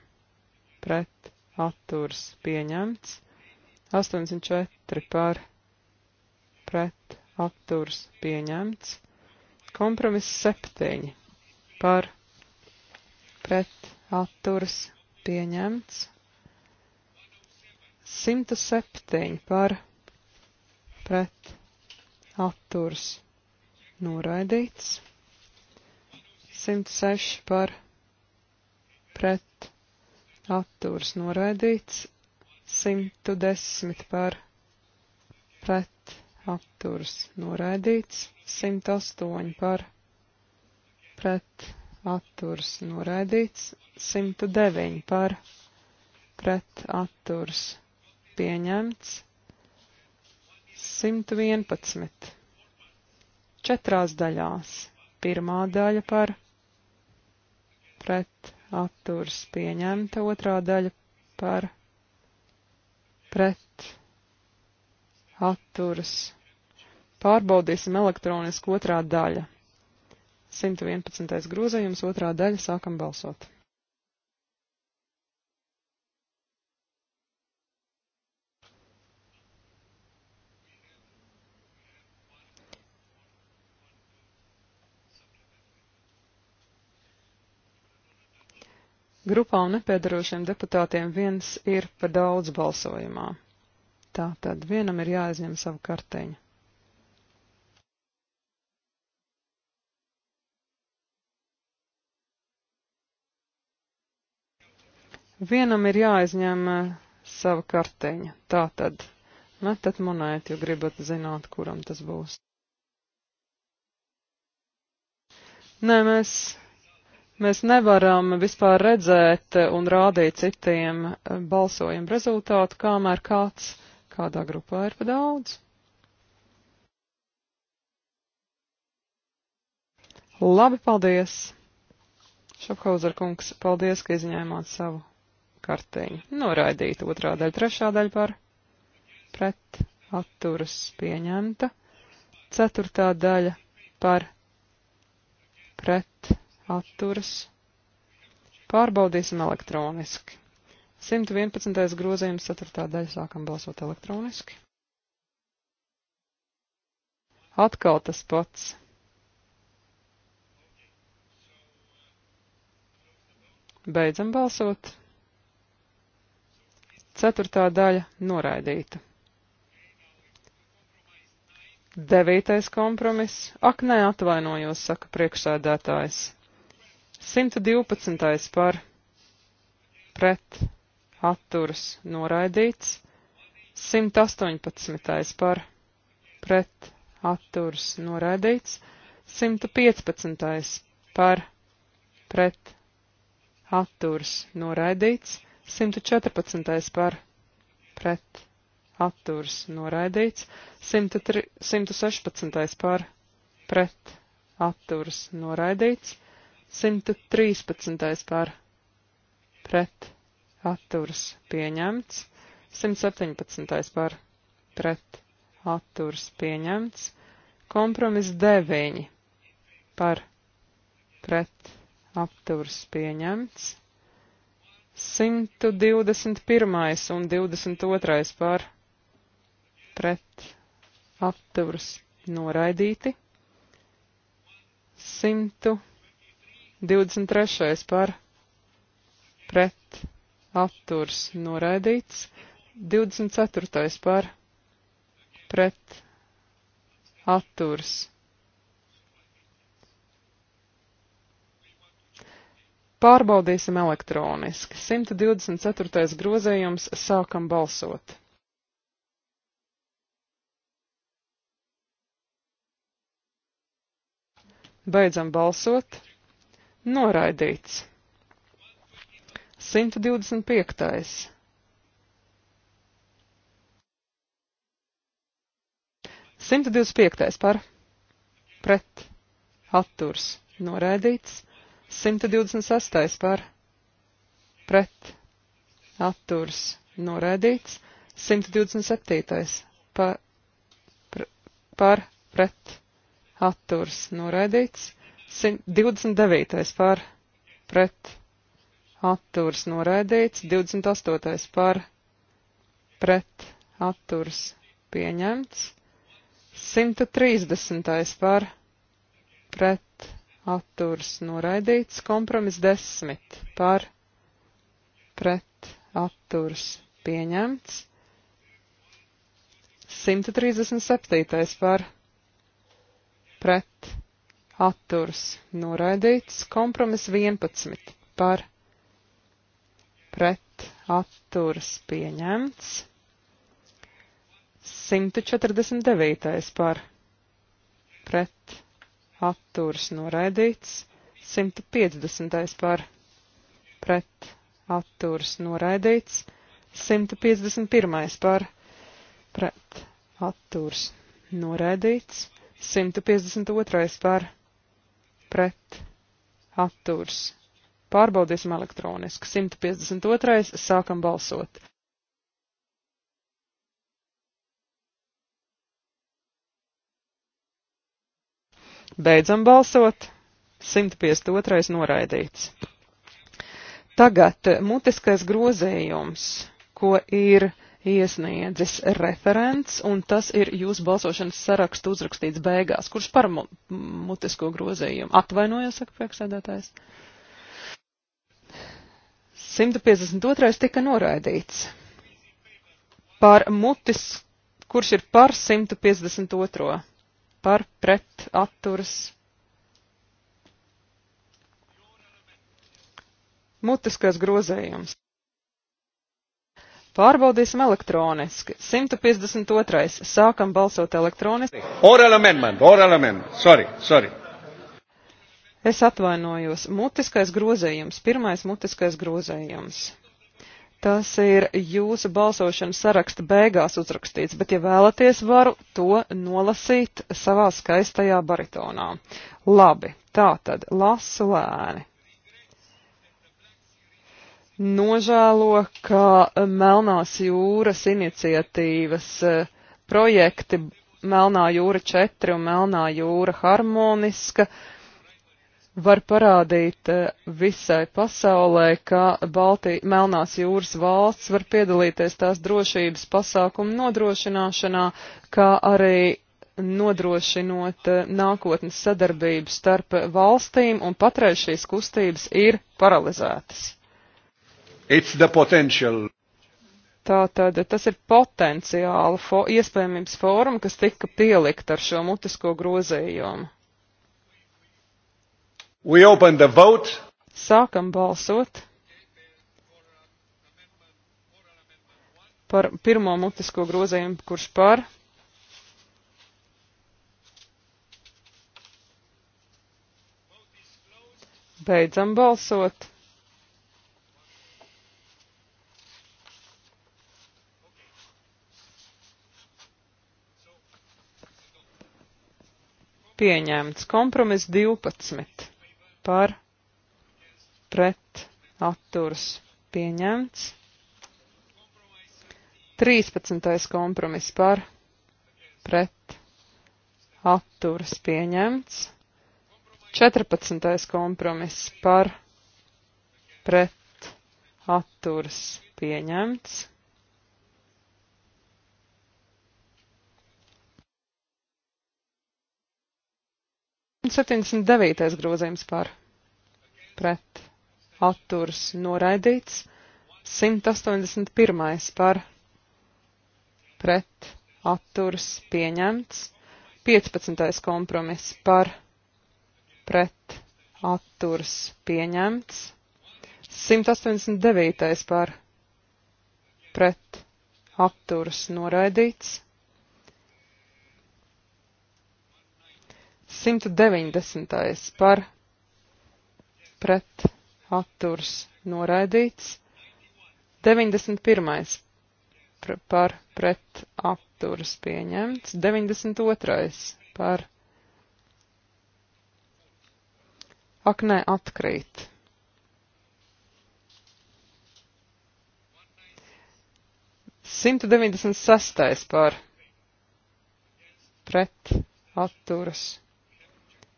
pret atturas pieņemts, 84 par pret atturas pieņemts, kompromiss 7 par pret atturas pieņemts. 107 par pret atturs noraidīts. 106 par pret atturs noraidīts. 110 par pret atturs noraidīts. 108 par pret atturs noraidīts atturs noraidīts, 109 par pret atturs pieņemts, 111 četrās daļās, pirmā daļa par pret atturs pieņemta, otrā daļa par pret atturs. Pārbaudīsim elektronisku otrā daļa. 111. grozījums, otrā daļa, sākam balsot. grupā un nepiedarošiem deputātiem viens ir par daudz balsojumā. Tā tad vienam ir jāizņem savu karteņu. Vienam ir jāizņem eh, sava karteņa. Tā tad. Metat nu, monētu, jo gribat zināt, kuram tas būs. Nē, mēs, mēs nevaram vispār redzēt un rādīt citiem eh, balsojumu rezultātu, kamēr kāds kādā grupā ir pa daudz. Labi, paldies! Šapkauzer kungs, paldies, ka izņēmāt savu kartiņu. Noraidīt otrā daļa, trešā daļa par pret atturas pieņemta. Ceturtā daļa par pret atturas. Pārbaudīsim elektroniski. 111. grozījums, 4. daļa sākam balsot elektroniski. Atkal tas pats. Beidzam balsot. Ceturtā daļa noraidīta. Devītais kompromiss. Ak, nē, atvainojos, saka priekšsēdētājs. 112. par pret atturas noraidīts. 118. par pret atturas noraidīts. 115. par pret atturas noraidīts. 114. par pret atturs noraidīts, 116. par pret atturs noraidīts, 113. par pret atturs pieņemts, 117. par pret atturs pieņemts, kompromis 9 par pret atturs pieņemts. 121. un 22. par pret apturus noraidīti. 123. par pret apturs noraidīts. 24. par pret apturs noraidīts Pārbaudīsim elektroniski. 124. grozējums sākam balsot. Beidzam balsot. Noraidīts. 125. Simta divdesmit piektais par pret atturs noraidīts. 126. par pret atturs noraidīts. 127. par, pr, par pret atturs noraidīts. 129. par pret atturs noraidīts. 28. par pret atturs pieņemts. 130. par pret atturs noraidīts, kompromis 10 par pret atturs pieņemts, 137 par pret atturs noraidīts, kompromis 11 par pret atturs pieņemts, 149 par pret atturs atturs noraidīts, 150. par pret atturs noraidīts, 151. par pret atturs noraidīts, 152. par pret atturs. Pārbaudīsim elektroniski. 152. sākam balsot. Beidzam balsot. 152. noraidīts. Tagad mutiskais grozījums, ko ir iesniedzis referents, un tas ir jūsu balsošanas sarakstu uzrakstīts beigās. Kurš par mu mutisko grozījumu? Atvainojos, saka priekšsēdētājs. 152. tika noraidīts. Par mutis, kurš ir par 152 par pret atturas. Mutiskais grozējums. Pārbaudīsim elektroniski. 152. Sākam balsot elektroniski. Oral amendment, oral amendment. Sorry, sorry. Es atvainojos. Mutiskais grozējums. Pirmais mutiskais grozējums. Tas ir jūsu balsošanas saraksta beigās uzrakstīts, bet, ja vēlaties, varu to nolasīt savā skaistajā baritonā. Labi, tā tad lasu lēni. Nožēlo, ka Melnās jūras iniciatīvas e, projekti Melnā jūra 4 un Melnā jūra harmoniska var parādīt eh, visai pasaulē, ka Balti, Melnās jūras valsts var piedalīties tās drošības pasākumu nodrošināšanā, kā arī nodrošinot eh, nākotnes sadarbību starp valstīm, un patreiz šīs kustības ir paralizētas. Tātad tas ir potenciāla fo iespējamības forma, kas tika pielikt ar šo mutisko grozījumu. We open the vote. Sākam balsot par pirmo mutisko grozījumu, kurš par. Beidzam balsot. pieņemts. Kompromiss 12 par pret atturs pieņemts. 13. kompromiss par pret atturs pieņemts. 14. kompromiss par pret atturs pieņemts. 79. grozījums par pret atturs noraidīts. 181. par pret atturs pieņemts. 15. kompromiss par pret atturs pieņemts. 189. par pret atturs noraidīts. 190. par pret atturs noraidīts. 91. par pret atturs pieņemts. 92. par. Ak, nē, atkrīt. Simt deviņdesmit sestais par pret atturas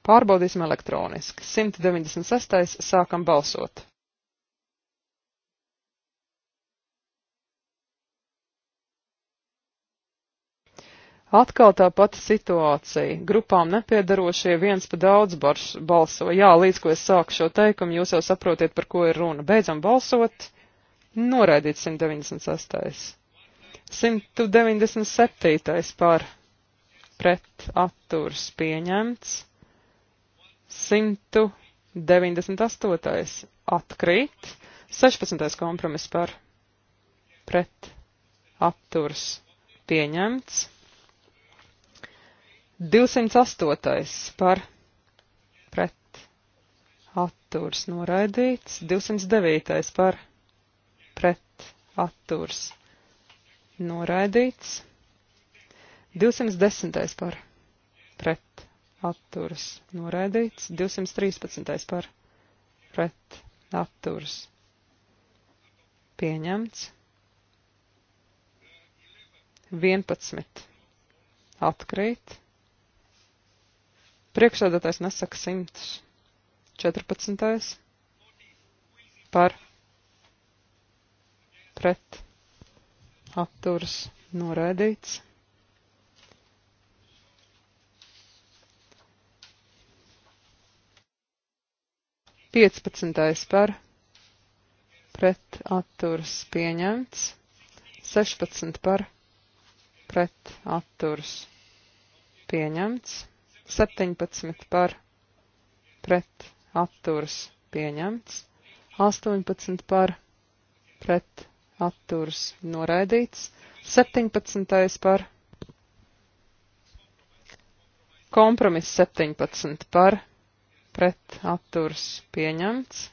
Pārbaudīsim elektroniski. 196. sākam balsot. Atkal tā pati situācija. Grupām nepiedarošie viens pa daudz barš, balso. Jā, līdz ko es sāku šo teikumu, jūs jau saprotiet, par ko ir runa. Beidzam balsot. Noraidīt 196. 197. par pret atturs pieņemts. 198. atkrīt, 16. kompromiss par pret atturs pieņemts, 208. par pret atturs noraidīts, 209. par pret atturs noraidīts, 210. par pret atturs atturas noraidīts, 213. par pret atturas pieņemts, 11 atkrīt, priekšsēdētājs nesaka 114. par pret atturas noraidīts. 15. par pret atturs pieņemts, 16 par pret atturs pieņemts, 17 par pret atturs pieņemts, 18 par pret atturs noraidīts, 17 par kompromiss 17 par pret atturs pieņemts.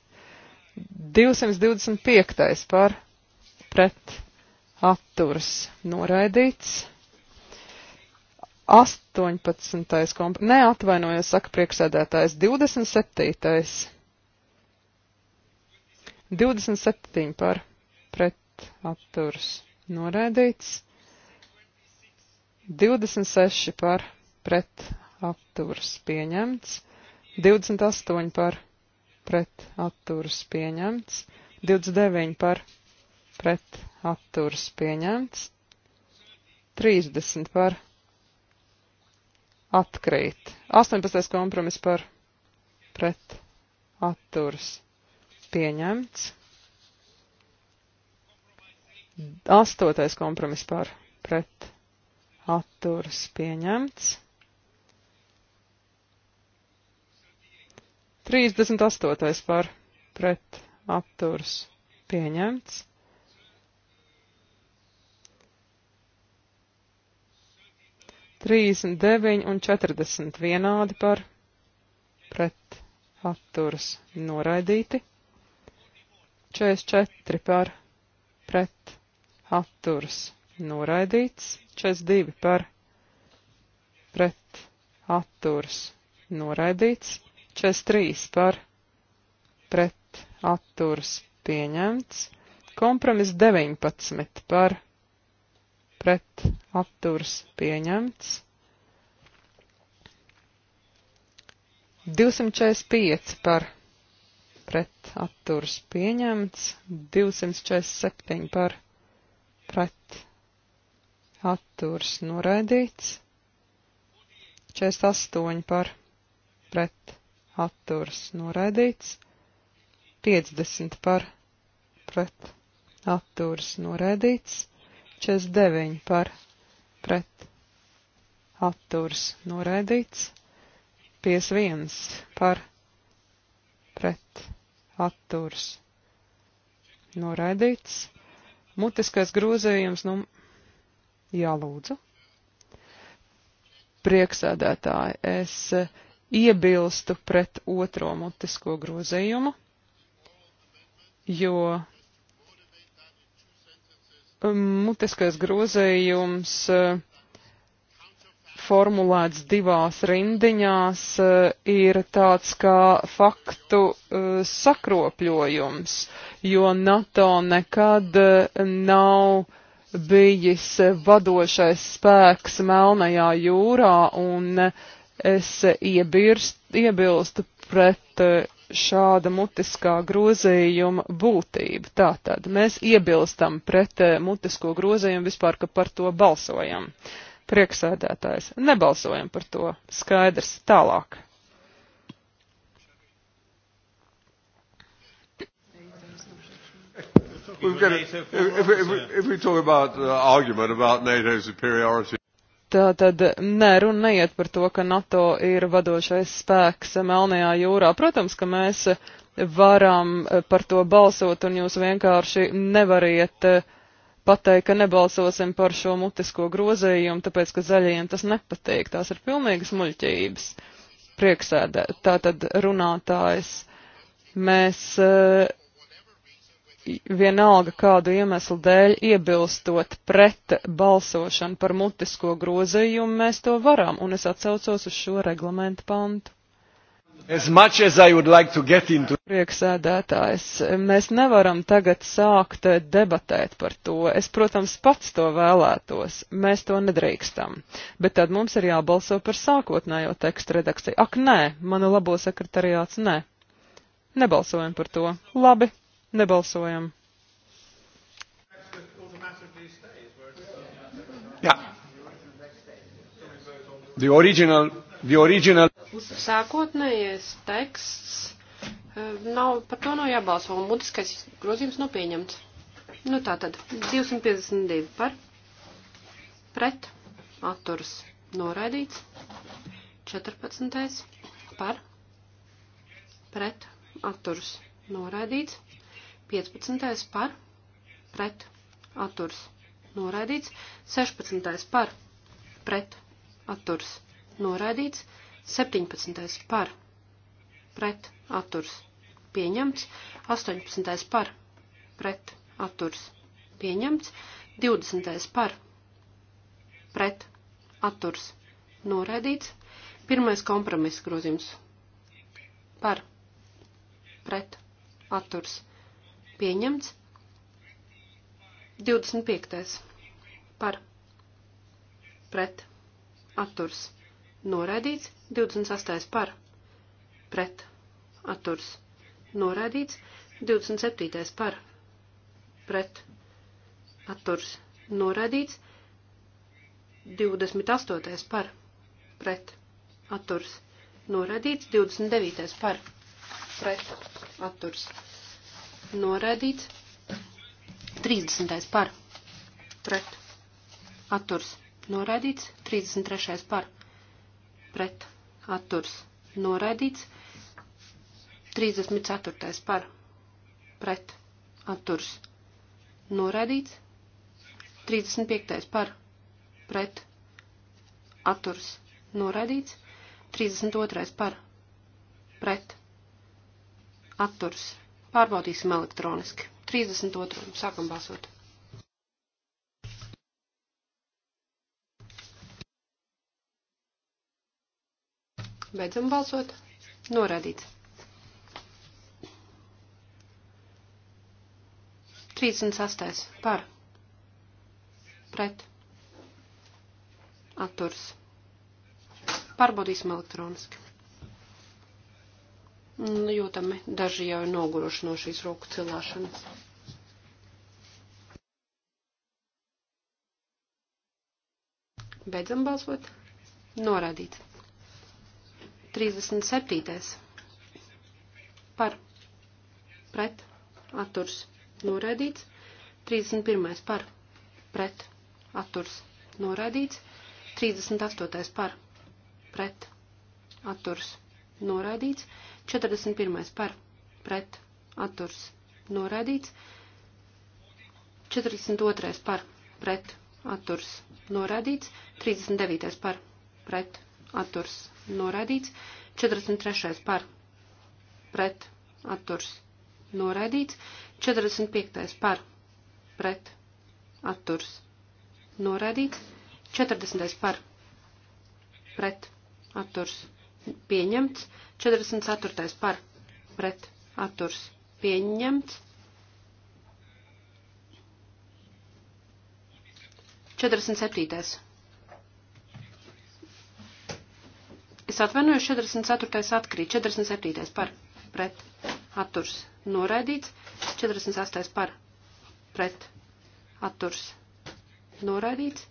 225. par pret atturs noraidīts. 18. komp... Nē, atvainojos, saka priekšsēdētājs. 27. 27 par pret atturs noraidīts. 26 par pret atturs pieņemts. 28 par pret atturas pieņemts, 29 par pret atturas pieņemts, 30 par atkrīt, 18 kompromis par pret atturas pieņemts, 8 kompromis par pret atturas pieņemts. 38. par pret apturs pieņemts. 39 un 40 vienādi par pret atturas noraidīti, 44 par pret atturas noraidīts, 42 par pret atturas noraidīts, 43 par pret atturs pieņemts. Kompromis 19 par pret atturs pieņemts. 245 par pret atturs pieņemts. 247 par pret atturs noraidīts. 48 par pret atturs atturs noraidīts, 50 par pret atturs noraidīts, 49 par pret atturs noraidīts, 51 par pret atturs noraidīts, mutiskais grozījums, nu, jālūdzu. Prieksēdētāji, es iebilstu pret otro mutisko grozījumu, jo mutiskais grozījums eh, formulēts divās rindiņās eh, ir tāds kā faktu eh, sakropļojums, jo NATO nekad nav bijis vadošais spēks Melnajā jūrā un uh, Es iebirst, iebilstu pret eh, šāda mutiskā grozījuma būtību. Tātad mēs iebilstam pret eh, mutisko grozījumu vispār, ka par to balsojam. Prieksēdētājs, nebalsojam par to. Skaidrs, tālāk. We've got, if, if, if, if we talk about the uh, argument about NATO superiority. Tā tad nē, runa neiet par to, ka NATO ir vadošais spēks Melnajā jūrā. Protams, ka mēs varam par to balsot un jūs vienkārši nevariet pateikt, ka nebalsosim par šo mutisko grozījumu, tāpēc, ka zaļajiem tas nepatīk. Tās ir pilnīgas muļķības. Prieksēdē. Tā tad runātājs. Mēs uh, vienalga kādu iemeslu dēļ iebilstot pret balsošanu par mutisko grozījumu, mēs to varam, un es atsaucos uz šo reglamentu pantu. As much as I would like to get into. Prieksēdētājs, mēs nevaram tagad sākt debatēt par to. Es, protams, pats to vēlētos. Mēs to nedrīkstam. Bet tad mums ir jābalso par sākotnējo tekstu redakciju. Ak, nē, mana labo sekretariāts, nē. Nebalsojam par to. Labi. Nebalsojam. Jā. The original, the original. Sākotnējais teksts eh, nav, par to nav jābalso, un mutiskais grozījums nav pieņemts. Nu tā tad, 252 par, pret, atturs, noraidīts, 14 par, pret, atturs, noraidīts, 15. par, pret, atturs, noraidīts, 16. par, pret, atturs, noraidīts, 17. par, pret, atturs, pieņemts, 18. par, pret, atturs, pieņemts, 20. par, pret, atturs, noraidīts, pirmais kompromiss grozījums, par, pret, atturs, pieņemts Pieņemts. 25. Par. Pret. Atturs. Noraidīts. 28. Par. Pret. Atturs. Noraidīts. 27. Par. Pret. Atturs. Noraidīts. 28. Par. Pret. Atturs. Noraidīts. 29. Par. Pret. Atturs noraidīts. 30. par pret atturs noraidīts. 33. par pret atturs noraidīts. 34. par pret atturs noraidīts. 35. par pret atturs noraidīts. 32. par pret atturs noraidīts. Pārbaudīsim elektroniski. 32. Sākam balsot. Beidzam balsot. Norādīts. 36. Par. Pret. Atturs. Pārbaudīsim elektroniski jūtami. Daži jau ir noguruši no šīs roku cilāšanas. Beidzam balsot. Norādīt. 37. Par. Pret. Atturs. Norādīts. 31. Par. Pret. Atturs. Norādīts. 38. Par. Pret. Atturs. Norādīts. 41. par pret atturs noraidīts. 42. par pret atturs noraidīts. 39. par pret atturs noraidīts. 43. par pret atturs noraidīts. 45. par pret atturs noraidīts. 40. par pret atturs noraidīts pieņemts, 44. par pret atturs pieņemts, 47. Es atvainojos, 44. atkrīt, 47. par pret atturs noraidīts, 48. par pret atturs noraidīts.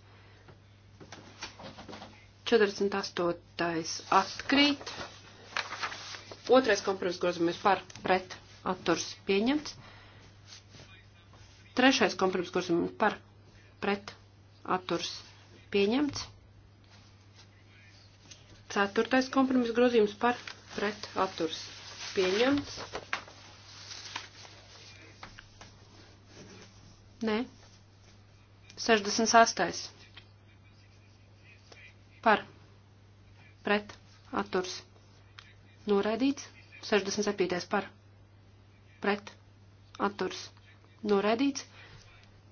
48. atkrīt. Otrais kompromiss grozījums par pret atturs pieņemts. Trešais kompromiss grozījums par pret atturs pieņemts. Ceturtais kompromiss grozījums par pret atturs pieņemts. Nē. 68 par pret atturs noraidīts. 67. par pret atturs noraidīts.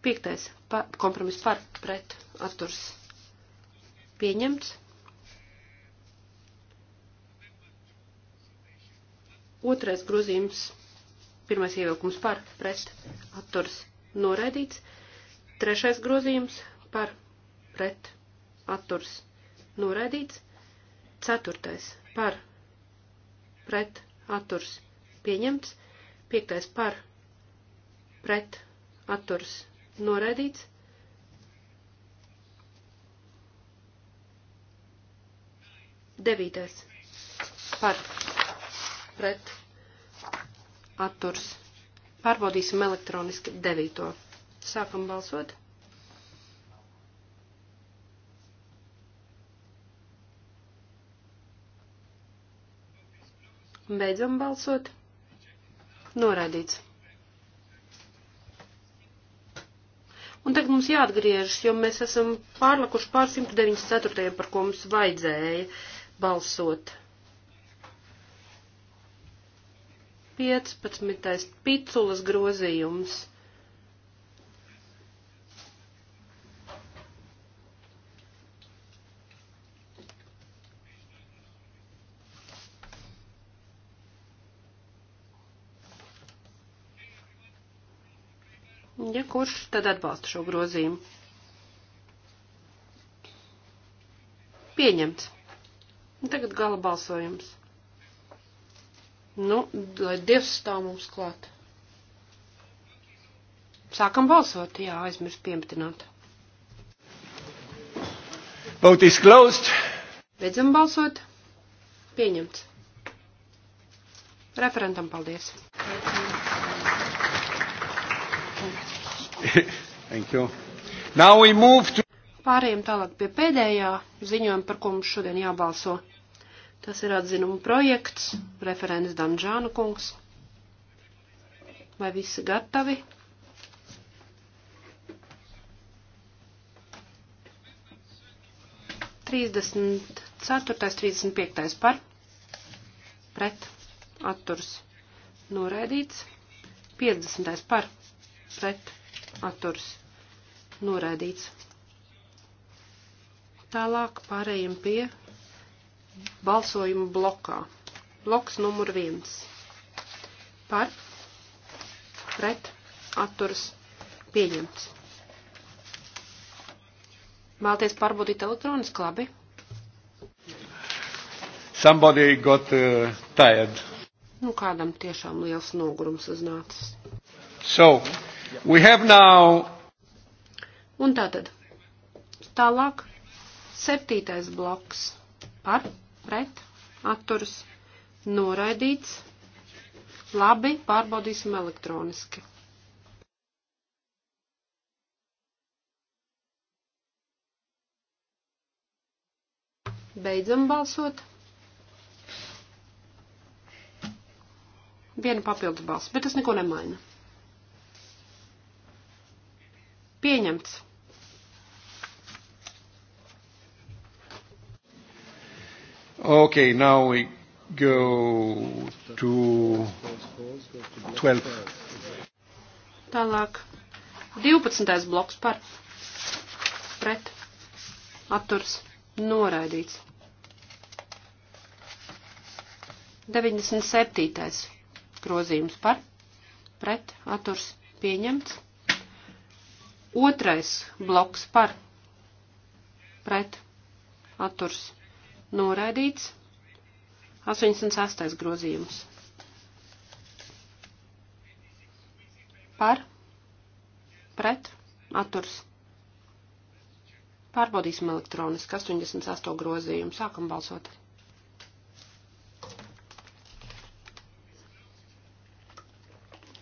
5. Pa, kompromiss par pret atturs pieņemts. Otrais grozījums, pirmais ievilkums par pret atturs noraidīts. Trešais grozījums par pret atturs noraidīts noraidīts, ceturtais par pret atturs pieņemts, piektais par pret atturs noraidīts. Devītais par pret atturs. Pārbaudīsim elektroniski devīto. Sākam balsot. Beidzam balsot. Noraidīts. Un tagad mums jāatgriežas, jo mēs esam pārlikuši pār 194. par ko mums vajadzēja balsot. 15. piculas grozījums. Ja kurš, tad atbalsta šo grozījumu. Pieņemts. Un tagad gala balsojums. Nu, lai Dievs stāv mums klāt. Sākam balsot, jā, aizmirst piemitināt. Vote is closed. Beidzam balsot. Pieņemts. Referentam paldies. Paldies. Thank you. Now we move to. Pārējiem tālāk pie pēdējā ziņojuma, par ko mums šodien jābalso. Tas ir atzinuma projekts, referents Danžāna kungs. Vai visi gatavi? Trīsdesmit ceturtais, trīsdesmit piektais par, pret, atturs, noraidīts, piecdesmitais par, pret, atturs noraidīts. Tālāk pārējiem pie balsojuma blokā. Bloks numur viens. Par, pret, atturs, pieņemts. Vēlties pārbaudīt elektroniski labi? Somebody got uh, tired. Nu, kādam tiešām liels nogurums uznācis. So, We have now. Un tātad. Tālāk. Septītais bloks. Par, pret, atturs, noraidīts. Labi, pārbaudīsim elektroniski. Beidzam balsot. Viena papildus balss, bet tas neko nemaina. Pieņemts. Okay, now we go to 12. Tālāk. 12. bloks par pret atturs noraidīts. 97. grozījums par pret atturs pieņemts. Otrais bloks par pret atturs noraidīts. 86. grozījums. Par pret atturs. Pārbaudīsim elektroniski 88 grozījumu. Sākam balsot.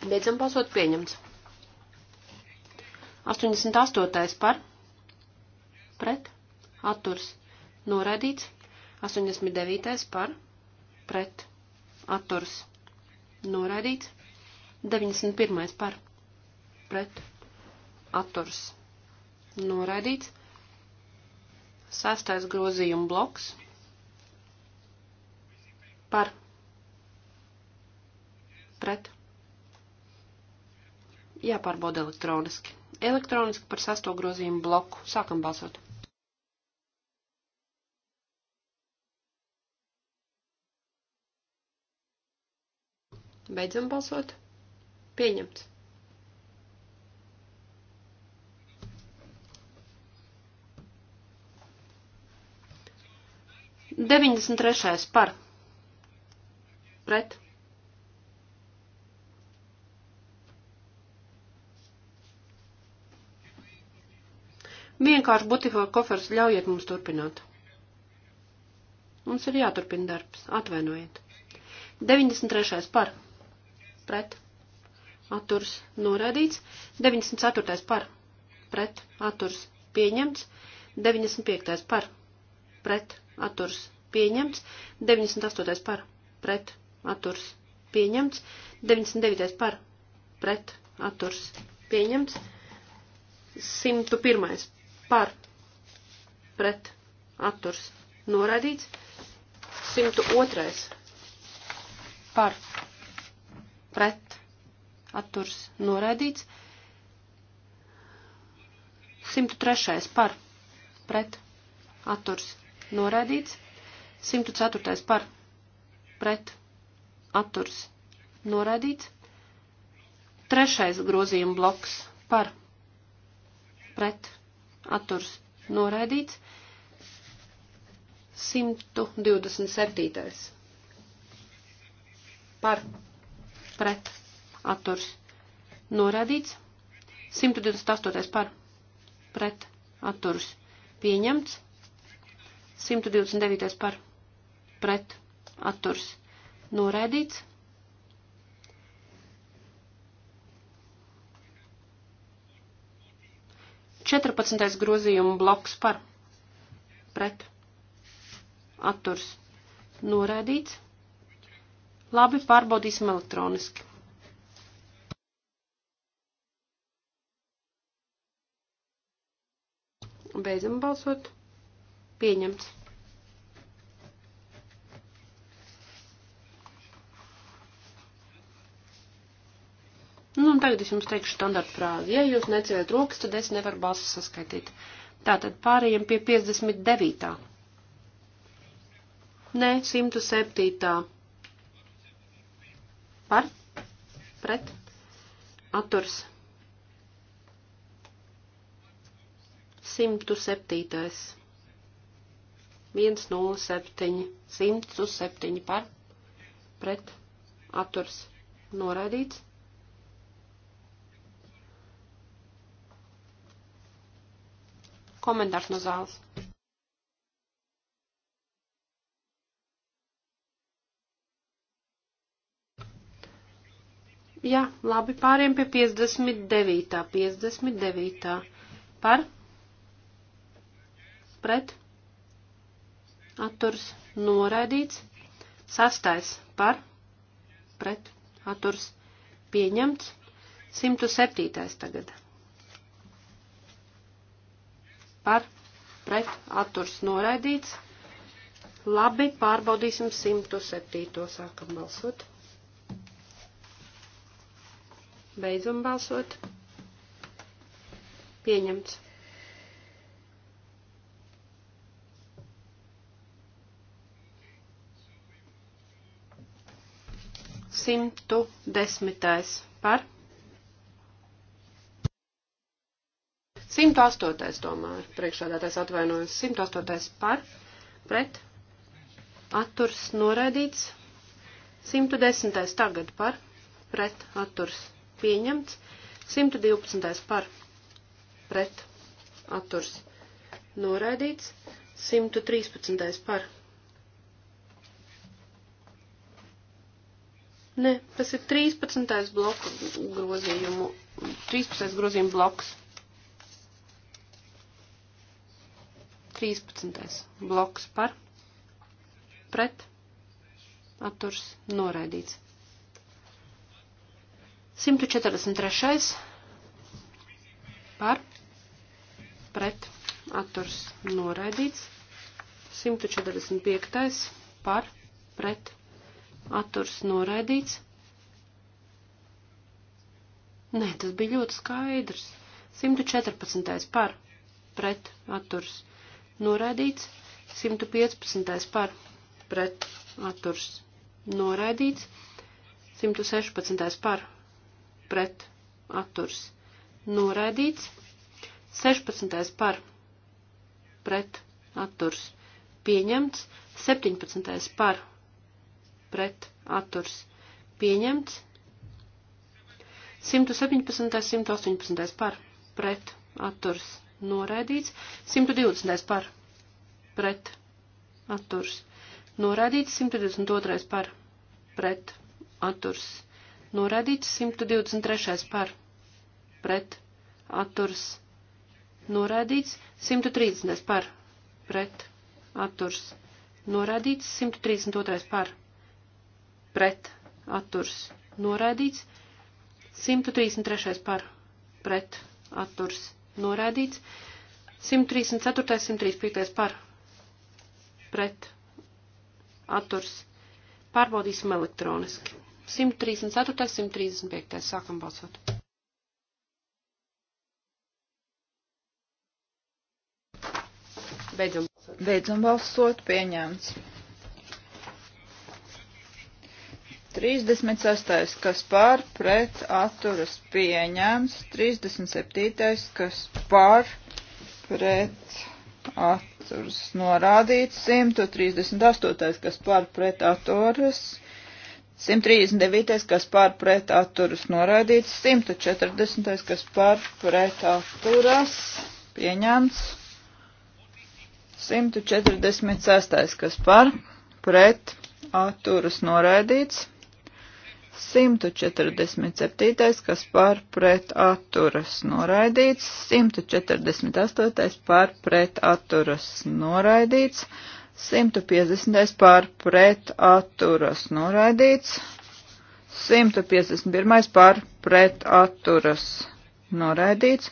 Beidzam balsot pieņemts. 88. par pret atturs noraidīts. 89. par pret atturs noraidīts. 91. par pret atturs noraidīts. Sastais grozījuma bloks par pret jāpārbauda elektroniski elektroniski par sesto grozījumu bloku. Sākam balsot. Beidzam balsot. Pieņemts. Deviņdesmit trešais par. Pret. Vienkārši Butifā kofers ļaujiet mums turpināt. Mums ir jāturpina darbs, atvainojiet. 93. par, pret, atturs, norādīts. 94. par, pret, atturs, pieņemts. 95. par, pret, atturs, pieņemts. 98. par, pret, atturs, pieņemts. 99. par, pret, atturs, pieņemts. 101 par pret atturs noraidīts. 102. par pret atturs noraidīts. 103. par pret atturs noraidīts. 104. par pret atturs noraidīts. Trešais grozījuma bloks par pret atturs atturs noraidīts. 127. par pret atturs noraidīts. 128. par pret atturs pieņemts. 129. par pret atturs noraidīts. 14. grozījuma bloks par pret atturs noraidīts. Labi, pārbaudīsim elektroniski. Beidzam balsot. Pieņemts. Nu, un tagad es jums teikšu standarta frāzi. Ja jūs neceļat rokas, tad es nevaru balsis saskaitīt. Tātad pārējiem pie 59. Nē, 107. Par? Pret? Atturs. 107. 107. 107 par? Pret? Atturs. Noraidīts. Komentārs no zāles. Jā, labi, pāriem pie 59. 59. Par? Pret? Atturs noraidīts. Sastais par? Pret? Atturs pieņemts. 107. tagad par pret atturs noraidīts. Labi, pārbaudīsim 107. sākam balsot. Beidzam balsot. Pieņemts. Simtu desmitais par 108. domāju, priekšādātais atvainojas. 108. par, pret, atturs noraidīts. 110. tagad par, pret, atturs pieņemts. 112. par, pret, atturs noraidīts. 113. par. Nē, tas ir 13. bloku grozījumu, 13. grozījumu bloks. 13. bloks par pret atturs noraidīts. 143. par pret atturs noraidīts. 145. par pret atturs noraidīts. Nē, tas bija ļoti skaidrs. 114. par pret atturs noraidīts, 115. par pret atturs noraidīts, 116. par pret atturs noraidīts, 16. par pret atturs pieņemts, 17. par pret atturs pieņemts, 117. 118. par pret atturs noraidīts, 120. par, pret, atturs, noraidīts, 122. par, pret, atturs, noraidīts, 123. par, pret, atturs, noraidīts, 130. par, pret, atturs, noraidīts, 132. par, pret, atturs, noraidīts, 133. par, pret, atturs, Norādīts. 134. 135. par. Pret. Atturs. Pārbaudīsim elektroniski. 134. 135. Sākam balsot. Beidzam balsot. Beidzam balsot. Pieņemts. 36. kas par pret atturas pieņēms, 37. kas par pret atturas norādīts, 138. kas par pret atturas, 139. kas par pret atturas norādīts, 140. kas par pret atturas pieņēms, 146. kas par pret atturas norādīts. 147. kas par pret atturas noraidīts, 148. par pret atturas noraidīts, 150. par pret atturas noraidīts, 151. par pret atturas noraidīts,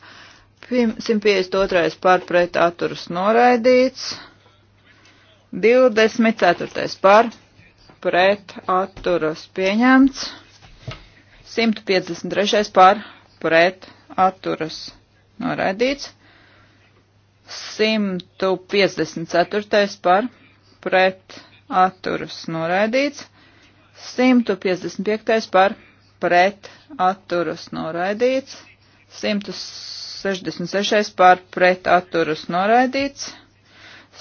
152. par pret atturas noraidīts, 24. par pret atturas pieņemts. 153. par pret atturas noraidīts. 154. par pret atturas noraidīts. 155. par pret atturas noraidīts. 166. par pret atturas noraidīts.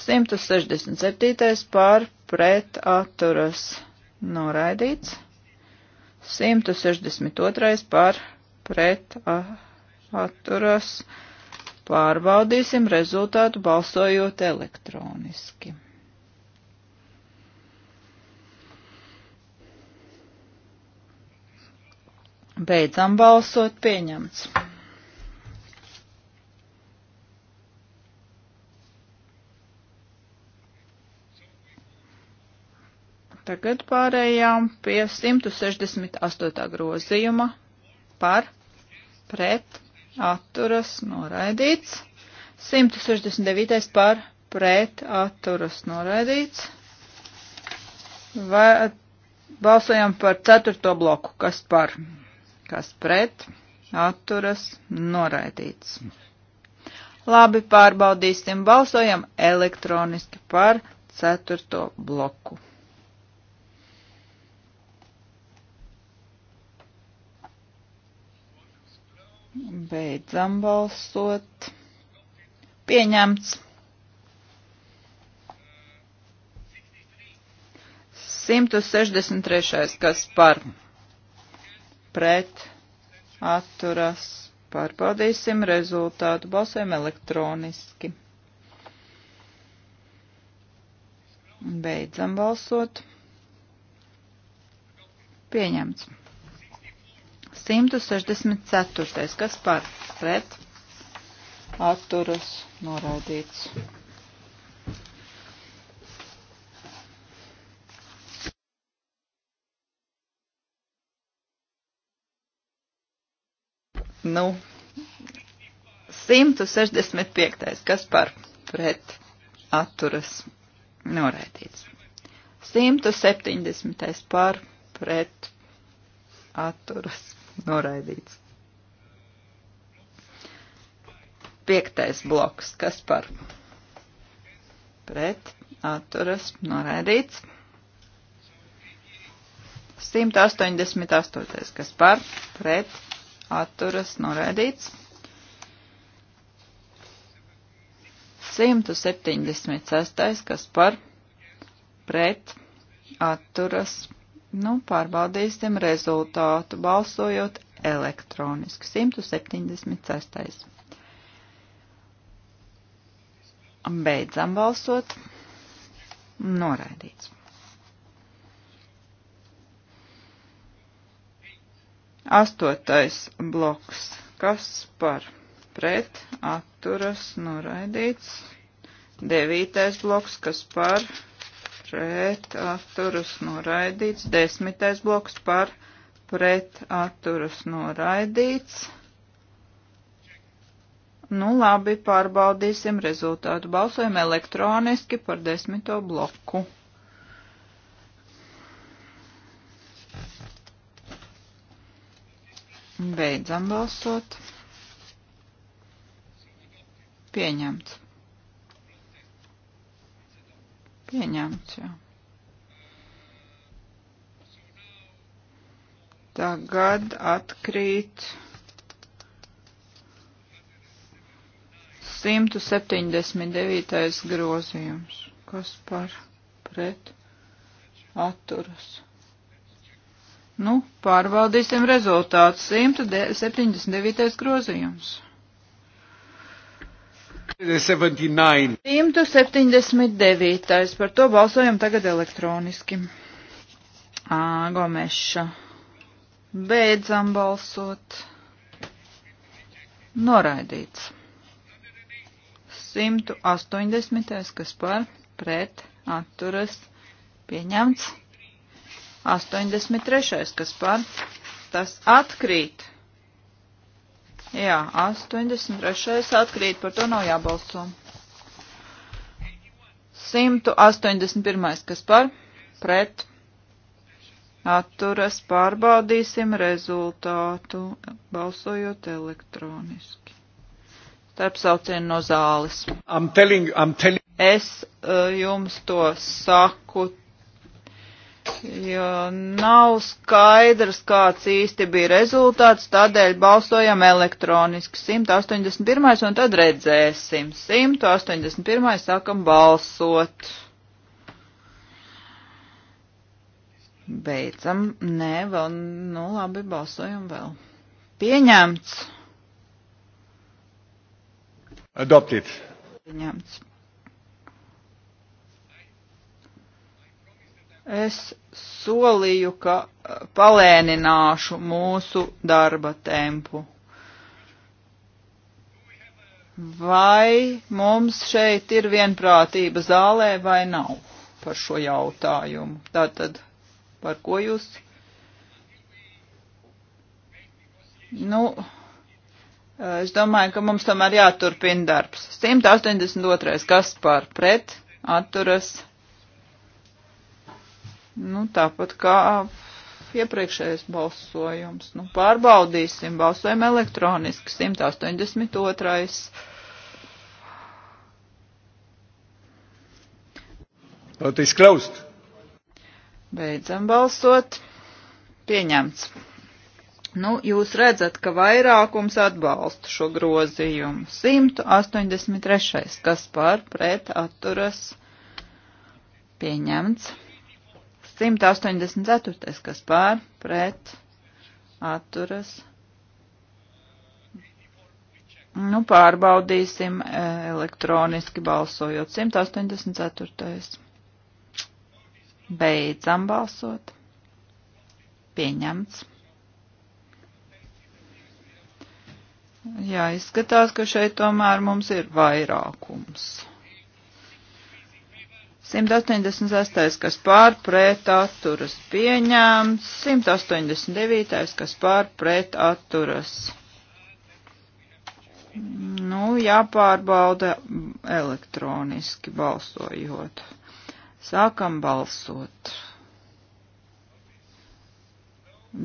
167. par pret atturas noraidīts. 162. par pret atturas pārbaudīsim rezultātu balsojot elektroniski. Beidzam balsot pieņemts. Tagad pārējām pie 168. grozījuma par pret atturas noraidīts. 169. par pret atturas noraidīts. Vai balsojam par 4. bloku, kas par, kas pret atturas noraidīts. Labi, pārbaudīsim, balsojam elektroniski par 4. bloku. Beidzam balsot. Pieņemts. 163. kas par pret atturas. Pārbaudīsim rezultātu. Balsojam elektroniski. Beidzam balsot. Pieņemts. 164. Kas par pret atturas noraidīts. Nu, 165. Kas par pret atturas noraidīts. 170. par pret atturas noraidīts. Piektais bloks, kas par pret atturas noraidīts. 188. kas par pret atturas noraidīts. 176. kas par pret atturas noraidīts Nu, pārbaudīsim rezultātu, balsojot elektroniski. 176. Beidzam balsot. Noraidīts. Astotais bloks. Kas par pret atturas noraidīts? Devītais bloks. Kas par pret? pret atturas noraidīts, desmitais bloks par pret atturas noraidīts. Nu labi, pārbaudīsim rezultātu. Balsojam elektroniski par desmito bloku. Beidzam balsot. Pieņemts. Pieņemts, jā. Tagad atkrīt 179. grozījums. Kas par pret atturas? Nu, pārbaudīsim rezultātu. 179. grozījums. 179. 179. Par to balsojam tagad elektroniski. Ā, Gomeša. Beidzam balsot. Noraidīts. 180. kas par pret atturas pieņemts. 83. kas par tas atkrīt. Jā, 83. atkrīt, par to nav jābalso. 181. kas par? Pret. Atturas pārbaudīsim rezultātu, balsojot elektroniski. Starp saucienu no zāles. I'm telling, I'm telling. Es uh, jums to saku jo nav skaidrs, kāds īsti bija rezultāts, tādēļ balsojam elektroniski 181. un tad redzēsim. 181. sākam balsot. Beidzam. Nē, vēl, nu labi, balsojam vēl. Pieņemts. Adoptīts. Pieņemts. Es solīju, ka eh, palēnināšu mūsu darba tempu. Vai mums šeit ir vienprātība zālē vai nav par šo jautājumu? Tātad, par ko jūs? Nu, eh, es domāju, ka mums tomēr jāturpina darbs. 182. kas par pret atturas Nu, tāpat kā iepriekšējais balsojums. Nu, pārbaudīsim, balsojam elektroniski 182. Vote is closed. Beidzam balsot. Pieņemts. Nu, jūs redzat, ka vairākums atbalsta šo grozījumu. 183. kas par pret atturas pieņemts. 184. kas pār, pret, atturas. Nu, pārbaudīsim e, elektroniski balsojot. 184. Beidzam balsot. Pieņemts. Jā, izskatās, ka šeit tomēr mums ir vairākums. 188. kas pār pret atturas pieņēmts, 189. kas pār pret atturas. Nu, jāpārbauda elektroniski balsojot. Sākam balsot.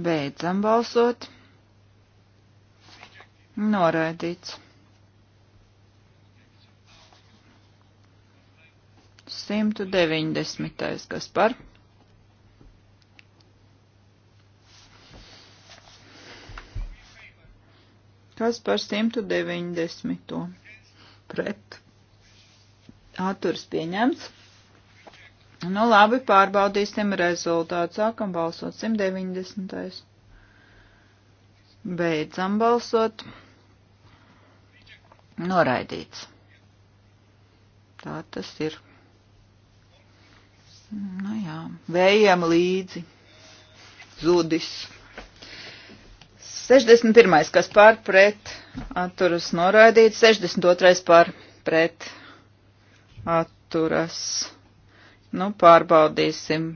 Beidzam balsot. Noraidīts. 190. kas par? Kas par 190. pret? Atturs pieņemts. Nu labi, pārbaudīsim rezultātu. Sākam balsot 190. Beidzam balsot. Noraidīts. Tā tas ir nu jā, vējiem līdzi zudis. 61. kas pār pret atturas noraidīts, 62. pār pret atturas. Nu, pārbaudīsim.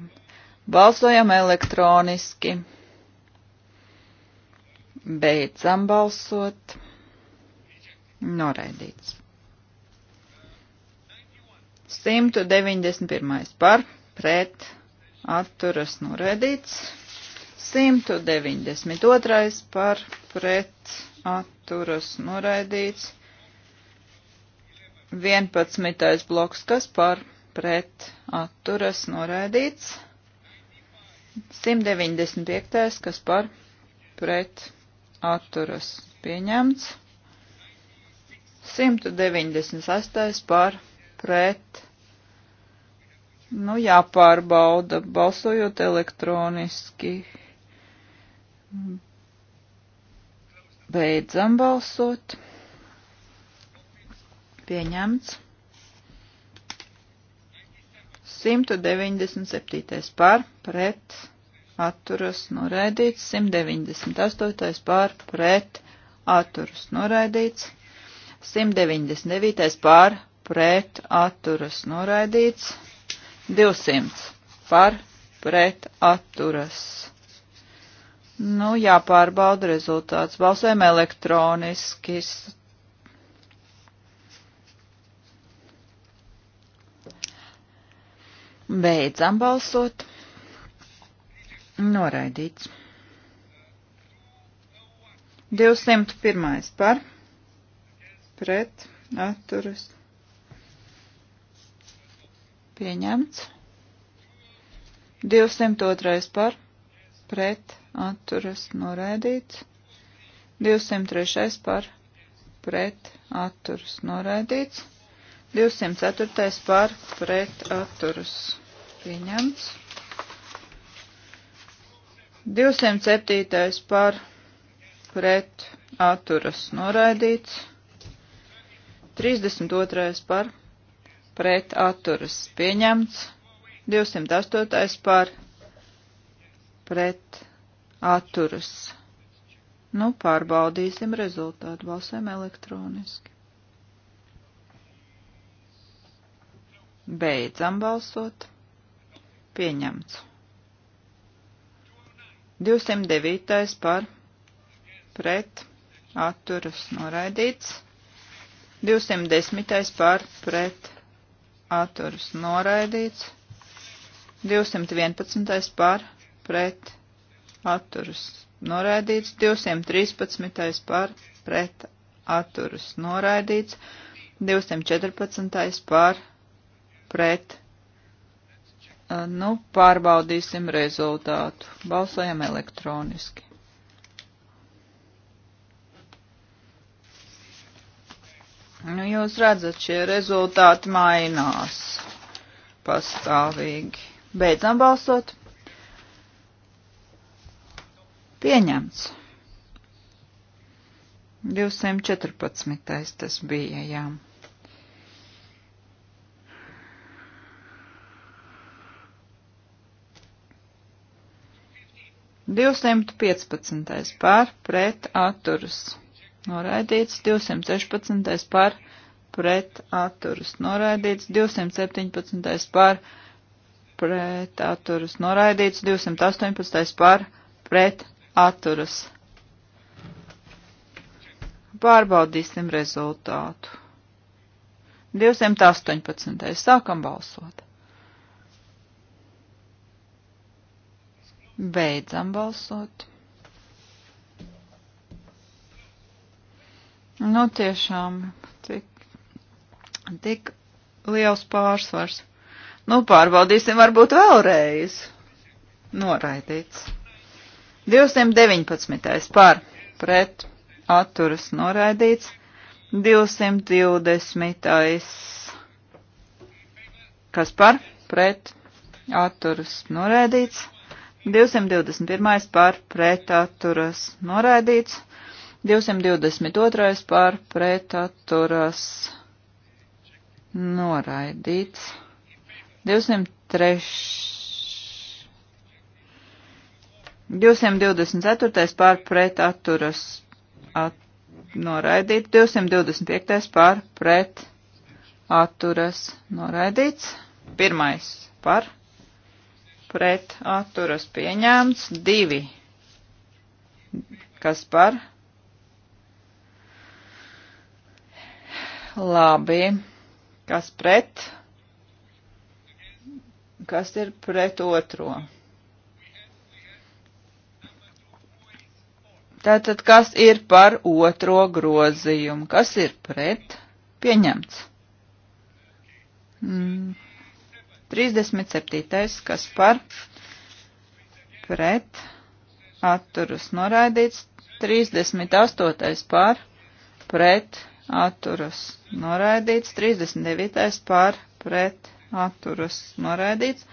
Balsojam elektroniski. Beidzam balsot. Noraidīts. 191. par pret atturas noredīts. 192. par pret atturas noraidīts. 11. bloks, kas par pret atturas noraidīts. 195. kas par pret atturas pieņemts. 198. par pret Nu, jāpārbauda, balsojot elektroniski. Beidzam balsot. Pieņemts. 197. pār pret atturas noraidīts, 198. pār pret atturas noraidīts, 199. pār pret atturas noraidīts. 200 par pret atturas. Nu, jāpārbauda rezultāts. Balsēm elektroniski. Beidzam balsot. Noraidīts. 201. par pret atturas pieņemts. 202 par, pret, atturas, noraidīts. 203 par, pret, atturas, noraidīts. 204 par, pret, atturas, pieņemts. 207 par, pret, atturas, noraidīts. 32 par, pret atturas pieņemts. 208. par pret atturas. Nu, pārbaudīsim rezultātu. Balsēm elektroniski. Beidzam balsot. Pieņemts. 209. par pret atturas noraidīts. 210. par pret atturas noraidīts. 211. par pret atturas noraidīts. 213. par pret atturas noraidīts. 214. par pret. Nu, pārbaudīsim rezultātu. Balsojam elektroniski. Nu, jūs redzat, šie rezultāti mainās pastāvīgi. Beidzam balsot. Pieņemts. 214. tas bija, jā. Divsimt piecpadsmitais pār pret atturas noraidīts, 216. par pret atturas noraidīts, 217. par pret atturas noraidīts, 218. par pret atturas. Pārbaudīsim rezultātu. 218. sākam balsot. Beidzam balsot. Nu, tiešām, tik, tik liels pārsvars. Nu, pārbaudīsim varbūt vēlreiz. Noraidīts. 219. par, pret, atturas noraidīts. 220. Kas par, pret, atturas noraidīts. 221. par, pret, atturas noraidīts. 222 par pretaturas noraidīts. 203. 224. pār pretaturas at, noraidīts. 225. pār pretaturas noraidīts. Pirmais par pretaturas pieņēmts. Divi. Kas par? Labi. Kas pret? Kas ir pret otro? Tātad, kas ir par otro grozījumu? Kas ir pret? Pieņemts. Mm. 37. kas par pret atturus noraidīts, 38. par pret atturas noraidīts, 39. par pret atturas noraidīts,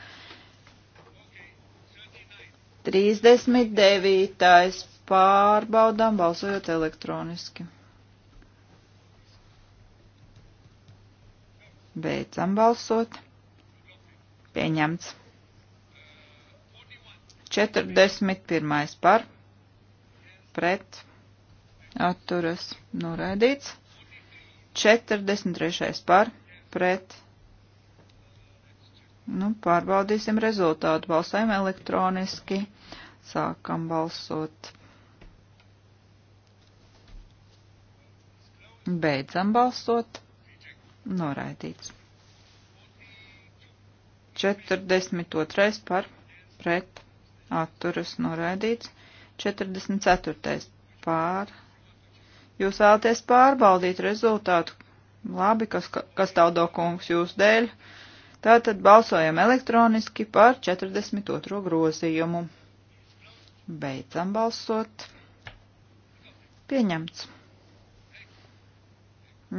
39. pārbaudām balsojot elektroniski. Beidzam balsot. Pieņemts. 41. par pret atturas noraidīts. 43. par pret. Nu, pārbaudīsim rezultātu. Balsājam elektroniski. Sākam balsot. Beidzam balsot. Noraidīts. 42. par pret atturas noraidīts. 44. pār Jūs vēlaties pārbaudīt rezultātu. Labi, kas, kas taudo kungs jūs dēļ. Tātad balsojam elektroniski par 42. grozījumu. Beidzam balsot. Pieņemts.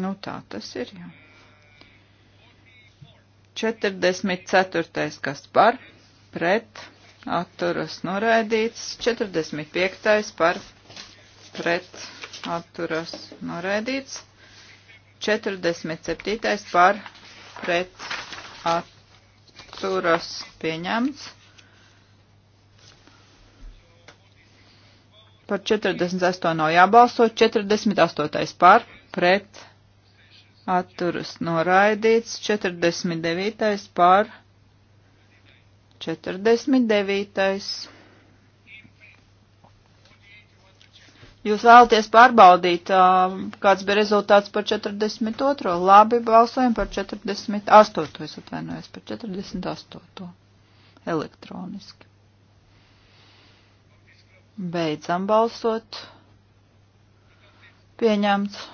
Nu tā tas ir jau. 44. kas par, pret, atturas noraidīts, 45. par, pret, atturas noraidīts. 47. par pret atturas pieņemts. Par 48 nav jābalso, 48. par pret atturas noraidīts, 49. par 49. Jūs vēlaties pārbaudīt, kāds bija rezultāts par 42. Labi, balsojam par 48. Es atvainojos par 48. Elektroniski. Beidzam balsot. Pieņemts.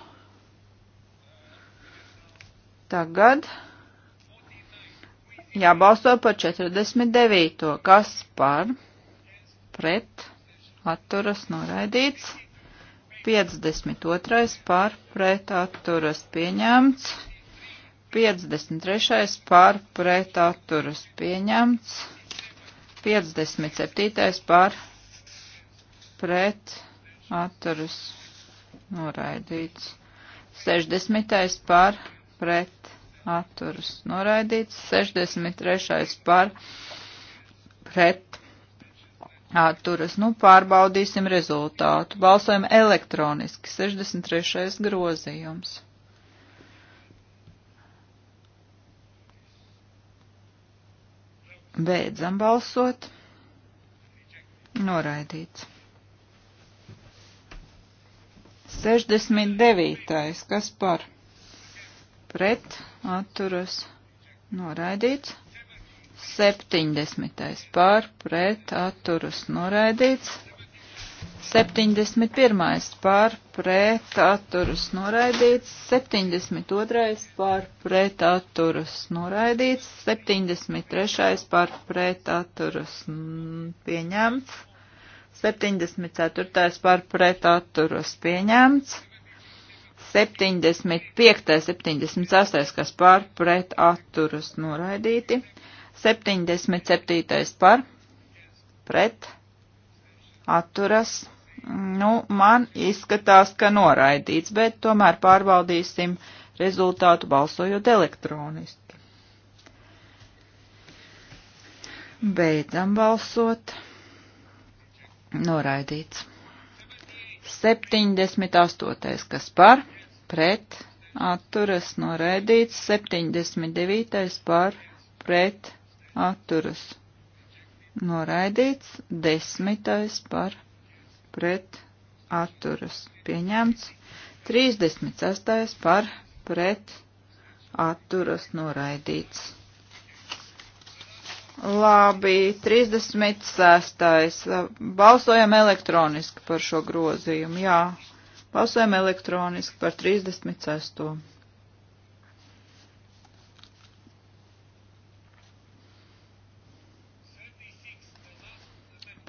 Tagad jābalso par 49. Kas par? Pret. Atturas noraidīts. 52. par pret atturas pieņemts. 53. par pret atturas pieņemts. 57. par pret atturas noraidīts. 60. par pret atturas noraidīts. 63. par pret atturas. Nu, pārbaudīsim rezultātu. Balsojam elektroniski. 63. grozījums. Beidzam balsot. Noraidīts. 69. Kas par? Pret atturas. Noraidīts. 70. pār pret atturas noraidīts. 71. pār pret atturas noraidīts. 72. pār pret atturas noraidīts. 73. pār pret atturas pieņemts. 74. pār pret atturas pieņemts. 75. 78. kas pār pret atturas noraidīti. 77. par pret atturas. Nu, man izskatās, ka noraidīts, bet tomēr pārbaudīsim rezultātu balsojot elektroniski. Beidzam balsot. Noraidīts. 78. kas par, pret, atturas noraidīts, 79. par, pret, atturas noraidīts, desmitais par pret atturas pieņemts, 36. par pret atturas noraidīts. Labi, 36. Balsojam elektroniski par šo grozījumu, jā. Balsojam elektroniski par 36.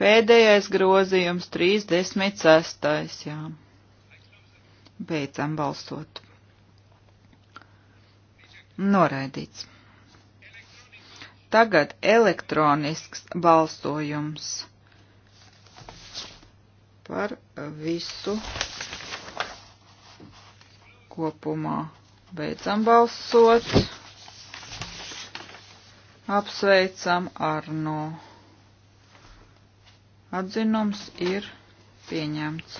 Pēdējais grozījums 36. Jā. Beidzam balsot. Noraidīts. Tagad elektronisks balsojums par visu kopumā. Beidzam balsot. Apsveicam Arno. Atzinums ir pieņemts.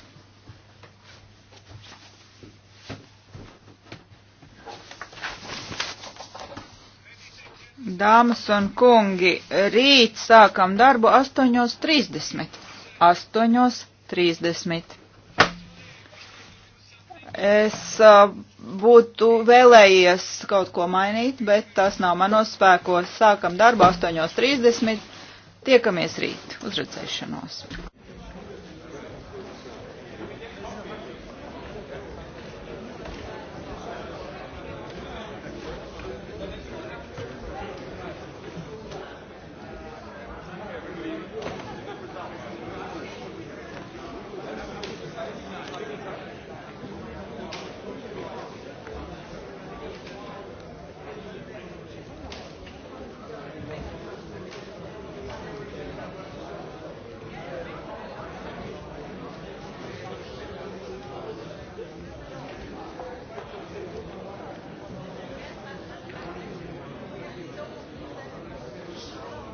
Dāmas un kungi, rīt sākam darbu 8.30. 8.30. Es būtu vēlējies kaut ko mainīt, bet tas nav manos spēkos. Sākam darbu 8.30 Tiekamies rīt uz redzēšanos!